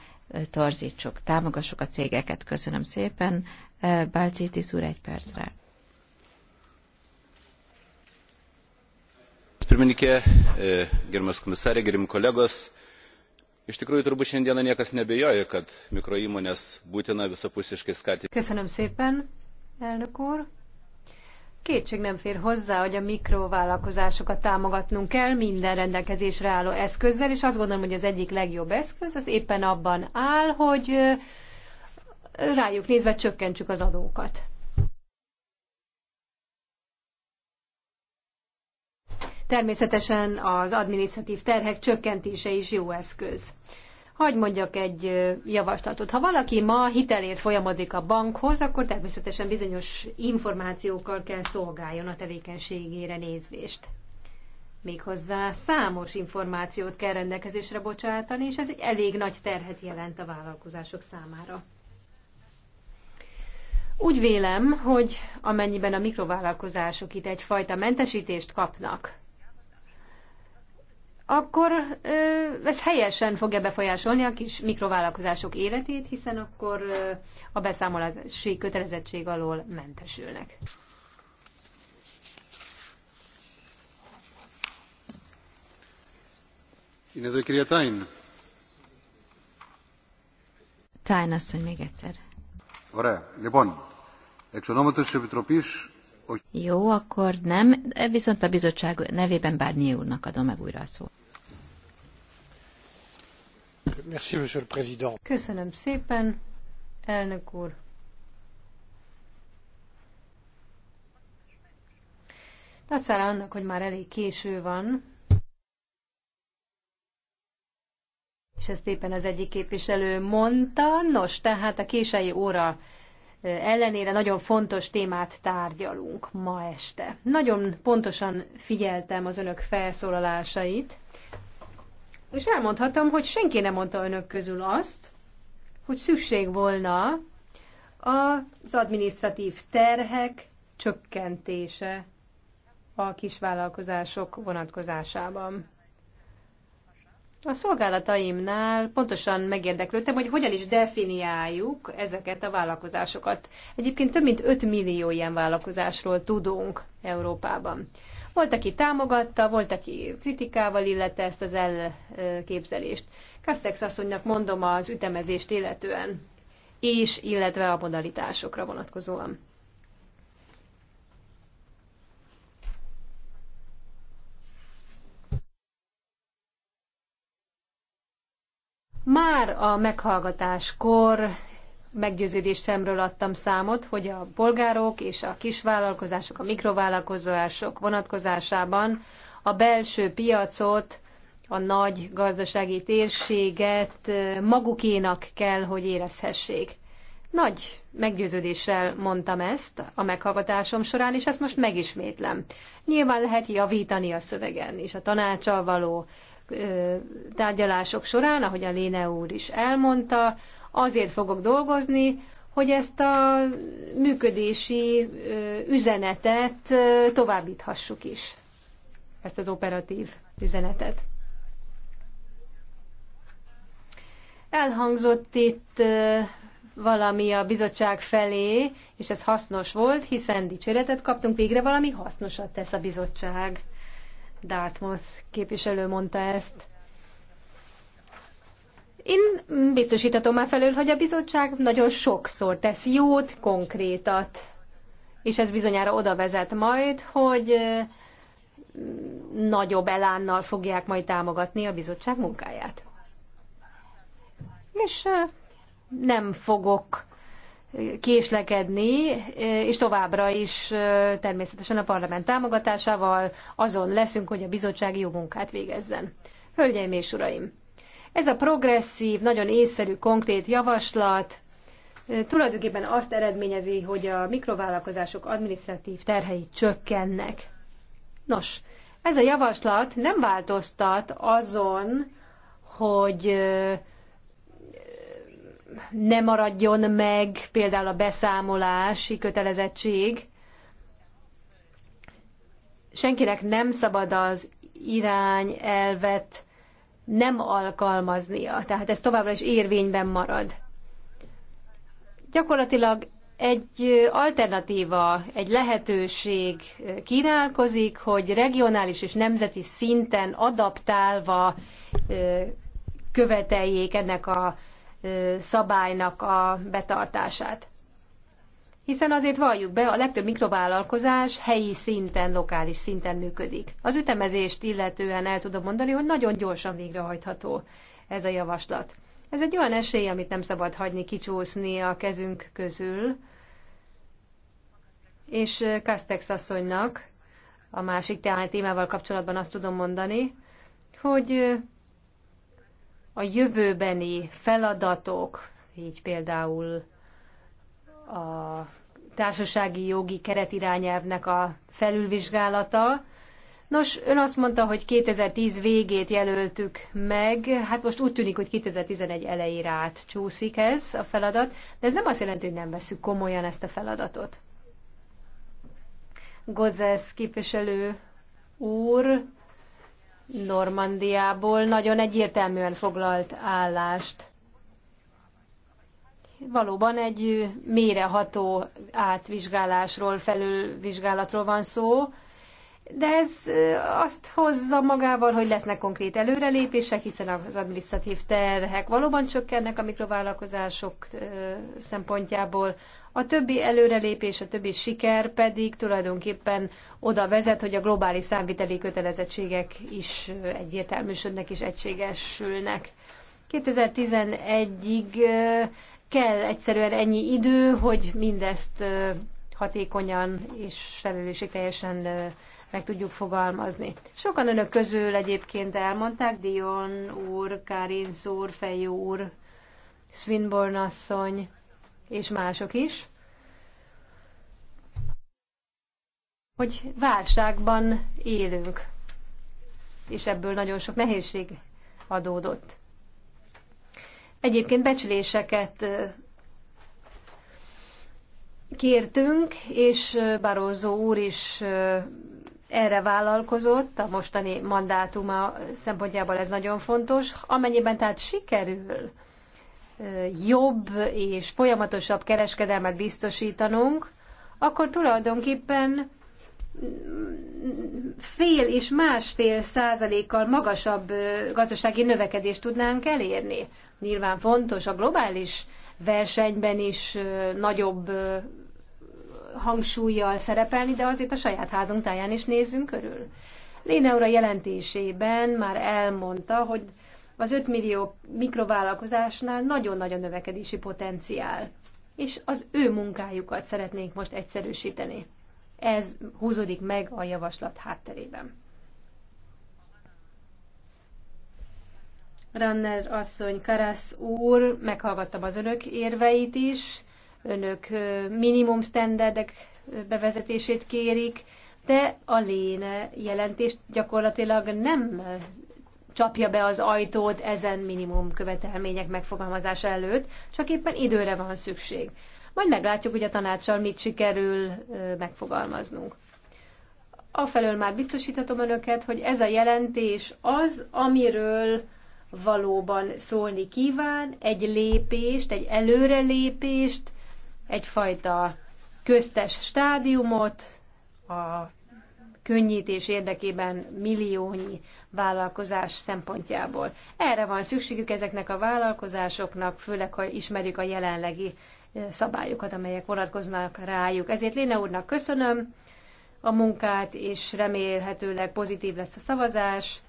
torzítsuk. Támogassuk a cégeket. Köszönöm szépen. Bálcétis úr egy percre. Pirmininkė, gerimas komisarė, gerimi kolegos, iš tikrųjų turbūt šiandieną niekas nebejoja, kad mikroįmonės būtina visapusiškai skatinti. Köszönöm szépen, elnök Kétség nem fér hozzá, hogy a mikrovállalkozásokat támogatnunk kell minden rendelkezésre álló eszközzel, és azt gondolom, hogy az egyik legjobb eszköz az éppen abban áll, hogy rájuk nézve csökkentsük az adókat. Természetesen az adminisztratív terhek csökkentése is jó eszköz. Hagy mondjak egy javaslatot. Ha valaki ma hitelért folyamodik a bankhoz, akkor természetesen bizonyos információkkal kell szolgáljon a tevékenységére nézvést. Méghozzá számos információt kell rendelkezésre bocsátani, és ez egy elég nagy terhet jelent a vállalkozások számára. Úgy vélem, hogy amennyiben a mikrovállalkozások itt egyfajta mentesítést kapnak, akkor ez helyesen fogja befolyásolni a kis mikrovállalkozások életét, hiszen akkor a beszámolási kötelezettség alól mentesülnek. Είναι εδώ még egyszer. Ora, Lebon, εξ Epitropis jó, akkor nem, viszont a bizottság nevében Barnier úrnak adom meg újra a szót. Köszönöm szépen, elnök úr. Dacára annak, hogy már elég késő van, és ezt éppen az egyik képviselő mondta, nos, tehát a késői óra ellenére nagyon fontos témát tárgyalunk ma este. Nagyon pontosan figyeltem az önök felszólalásait, és elmondhatom, hogy senki nem mondta önök közül azt, hogy szükség volna az administratív terhek csökkentése a kisvállalkozások vonatkozásában. A szolgálataimnál pontosan megérdeklődtem, hogy hogyan is definiáljuk ezeket a vállalkozásokat. Egyébként több mint 5 millió ilyen vállalkozásról tudunk Európában. Volt, aki támogatta, volt, aki kritikával illette ezt az elképzelést. Kastex asszonynak mondom az ütemezést illetően, és illetve a modalitásokra vonatkozóan. Már a meghallgatáskor meggyőződésemről adtam számot, hogy a polgárok és a kisvállalkozások, a mikrovállalkozások vonatkozásában a belső piacot, a nagy gazdasági térséget magukénak kell, hogy érezhessék. Nagy meggyőződéssel mondtam ezt a meghallgatásom során, és ezt most megismétlem. Nyilván lehet javítani a szövegen, és a tanácsal való tárgyalások során, ahogy a Léne úr is elmondta, azért fogok dolgozni, hogy ezt a működési üzenetet továbbíthassuk is, ezt az operatív üzenetet. Elhangzott itt valami a bizottság felé, és ez hasznos volt, hiszen dicséretet kaptunk, végre valami hasznosat tesz a bizottság. Dartmouth képviselő mondta ezt. Én biztosítatom már felől, hogy a bizottság nagyon sokszor tesz jót, konkrétat, és ez bizonyára oda vezet majd, hogy nagyobb elánnal fogják majd támogatni a bizottság munkáját. És nem fogok késlekedni, és továbbra is természetesen a parlament támogatásával azon leszünk, hogy a bizottsági jó munkát végezzen. Hölgyeim és uraim! Ez a progresszív, nagyon észszerű, konkrét javaslat tulajdonképpen azt eredményezi, hogy a mikrovállalkozások administratív terhei csökkennek. Nos, ez a javaslat nem változtat azon, hogy ne maradjon meg például a beszámolási kötelezettség. Senkinek nem szabad az irány elvet nem alkalmaznia, tehát ez továbbra is érvényben marad. Gyakorlatilag egy alternatíva, egy lehetőség kínálkozik, hogy regionális és nemzeti szinten adaptálva követeljék ennek a szabálynak a betartását. Hiszen azért valljuk be, a legtöbb mikrovállalkozás helyi szinten, lokális szinten működik. Az ütemezést illetően el tudom mondani, hogy nagyon gyorsan végrehajtható ez a javaslat. Ez egy olyan esély, amit nem szabad hagyni kicsúszni a kezünk közül, és Kastex asszonynak a másik témával kapcsolatban azt tudom mondani, hogy a jövőbeni feladatok, így például a társasági jogi keretirányelvnek a felülvizsgálata. Nos, ön azt mondta, hogy 2010 végét jelöltük meg, hát most úgy tűnik, hogy 2011 elejére átcsúszik ez a feladat, de ez nem azt jelenti, hogy nem veszük komolyan ezt a feladatot. Gozesz képviselő úr Normandiából nagyon egyértelműen foglalt állást. Valóban egy méreható átvizsgálásról, felülvizsgálatról van szó, de ez azt hozza magával, hogy lesznek konkrét előrelépések, hiszen az administratív terhek valóban csökkennek a mikrovállalkozások szempontjából, a többi előrelépés, a többi siker pedig tulajdonképpen oda vezet, hogy a globális számviteli kötelezettségek is egyértelműsödnek és egységesülnek. 2011-ig kell egyszerűen ennyi idő, hogy mindezt hatékonyan és teljesen meg tudjuk fogalmazni. Sokan önök közül egyébként elmondták, Dion úr, Kárinc úr, Fejó úr, Swinburne asszony, és mások is, hogy válságban élünk, és ebből nagyon sok nehézség adódott. Egyébként becsléseket kértünk, és Barózó úr is erre vállalkozott, a mostani mandátuma szempontjából ez nagyon fontos. Amennyiben tehát sikerül jobb és folyamatosabb kereskedelmet biztosítanunk, akkor tulajdonképpen fél és másfél százalékkal magasabb gazdasági növekedést tudnánk elérni. Nyilván fontos a globális versenyben is nagyobb hangsúlyjal szerepelni, de azért a saját házunk táján is nézzünk körül. Léne úr a jelentésében már elmondta, hogy az 5 millió mikrovállalkozásnál nagyon nagy a növekedési potenciál, és az ő munkájukat szeretnénk most egyszerűsíteni. Ez húzódik meg a javaslat hátterében. Ranner asszony, Karasz úr, meghallgattam az önök érveit is, önök minimum standardek bevezetését kérik, de a léne jelentést gyakorlatilag nem csapja be az ajtót ezen minimum követelmények megfogalmazása előtt, csak éppen időre van szükség. Majd meglátjuk, hogy a tanácssal mit sikerül megfogalmaznunk. Afelől már biztosíthatom önöket, hogy ez a jelentés az, amiről valóban szólni kíván, egy lépést, egy előrelépést, egyfajta köztes stádiumot a könnyítés érdekében milliónyi vállalkozás szempontjából. Erre van szükségük ezeknek a vállalkozásoknak, főleg ha ismerjük a jelenlegi eh, szabályokat, amelyek vonatkoznak rájuk. Ezért Léne úrnak köszönöm a munkát, és remélhetőleg pozitív lesz a szavazás.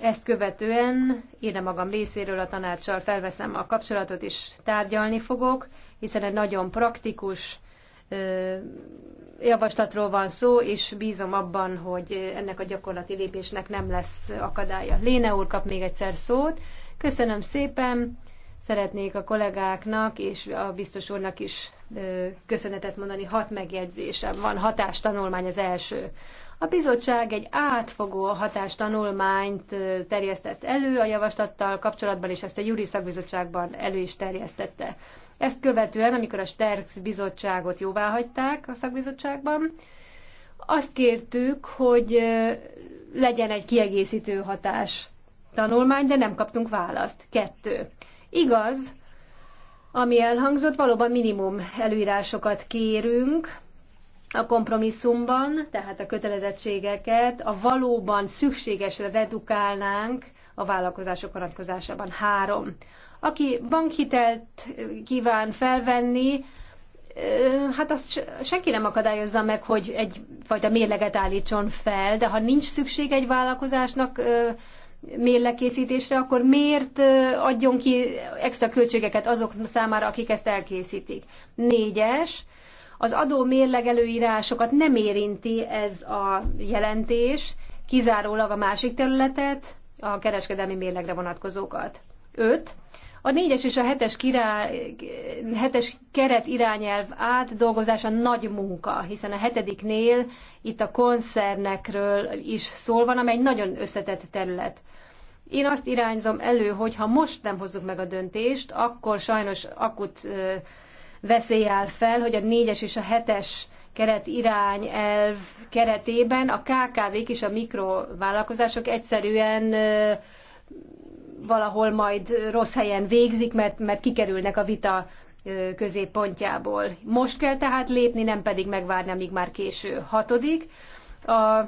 Ezt követően én a magam részéről a tanácssal felveszem a kapcsolatot, és tárgyalni fogok, hiszen egy nagyon praktikus, javaslatról van szó, és bízom abban, hogy ennek a gyakorlati lépésnek nem lesz akadálya. Léne úr kap még egyszer szót. Köszönöm szépen. Szeretnék a kollégáknak és a biztos úrnak is köszönetet mondani. Hat megjegyzésem van. Hatástanulmány az első. A bizottság egy átfogó hatástanulmányt terjesztett elő a javaslattal kapcsolatban, és ezt a júri szakbizottságban elő is terjesztette. Ezt követően, amikor a Sterks bizottságot jóvá hagyták a szakbizottságban, azt kértük, hogy legyen egy kiegészítő hatás tanulmány, de nem kaptunk választ. Kettő. Igaz, ami elhangzott, valóban minimum előírásokat kérünk a kompromisszumban, tehát a kötelezettségeket, a valóban szükségesre redukálnánk, a vállalkozások vonatkozásában három. Aki bankhitelt kíván felvenni, hát azt senki nem akadályozza meg, hogy egyfajta mérleget állítson fel, de ha nincs szükség egy vállalkozásnak mérlekészítésre, akkor miért adjon ki extra költségeket azok számára, akik ezt elkészítik? Négyes, az adó mérleg előírásokat nem érinti ez a jelentés, kizárólag a másik területet, a kereskedelmi mérlegre vonatkozókat. 5. A 4-es és a 7-es, hetes 7 keret irányelv átdolgozása nagy munka, hiszen a 7-nél itt a koncernekről is szól van, amely egy nagyon összetett terület. Én azt irányzom elő, hogy ha most nem hozzuk meg a döntést, akkor sajnos akut veszély áll fel, hogy a 4-es és a 7-es elv keretében a KKV-k és a mikrovállalkozások egyszerűen valahol majd rossz helyen végzik, mert, mert kikerülnek a vita középpontjából. Most kell tehát lépni, nem pedig megvárni, amíg már késő. Hatodik, a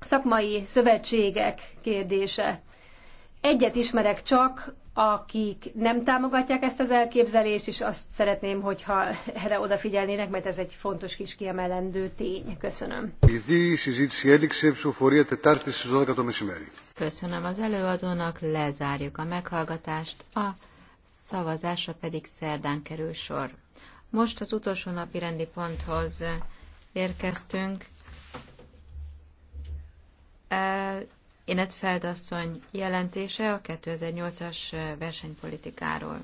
szakmai szövetségek kérdése. Egyet ismerek csak, akik nem támogatják ezt az elképzelést, és azt szeretném, hogyha erre odafigyelnének, mert ez egy fontos kis kiemelendő tény. Köszönöm. Köszönöm az előadónak, lezárjuk a meghallgatást, a szavazásra pedig szerdán kerül sor. Most az utolsó napi rendi ponthoz érkeztünk. E Énet asszony jelentése a 2008-as versenypolitikáról.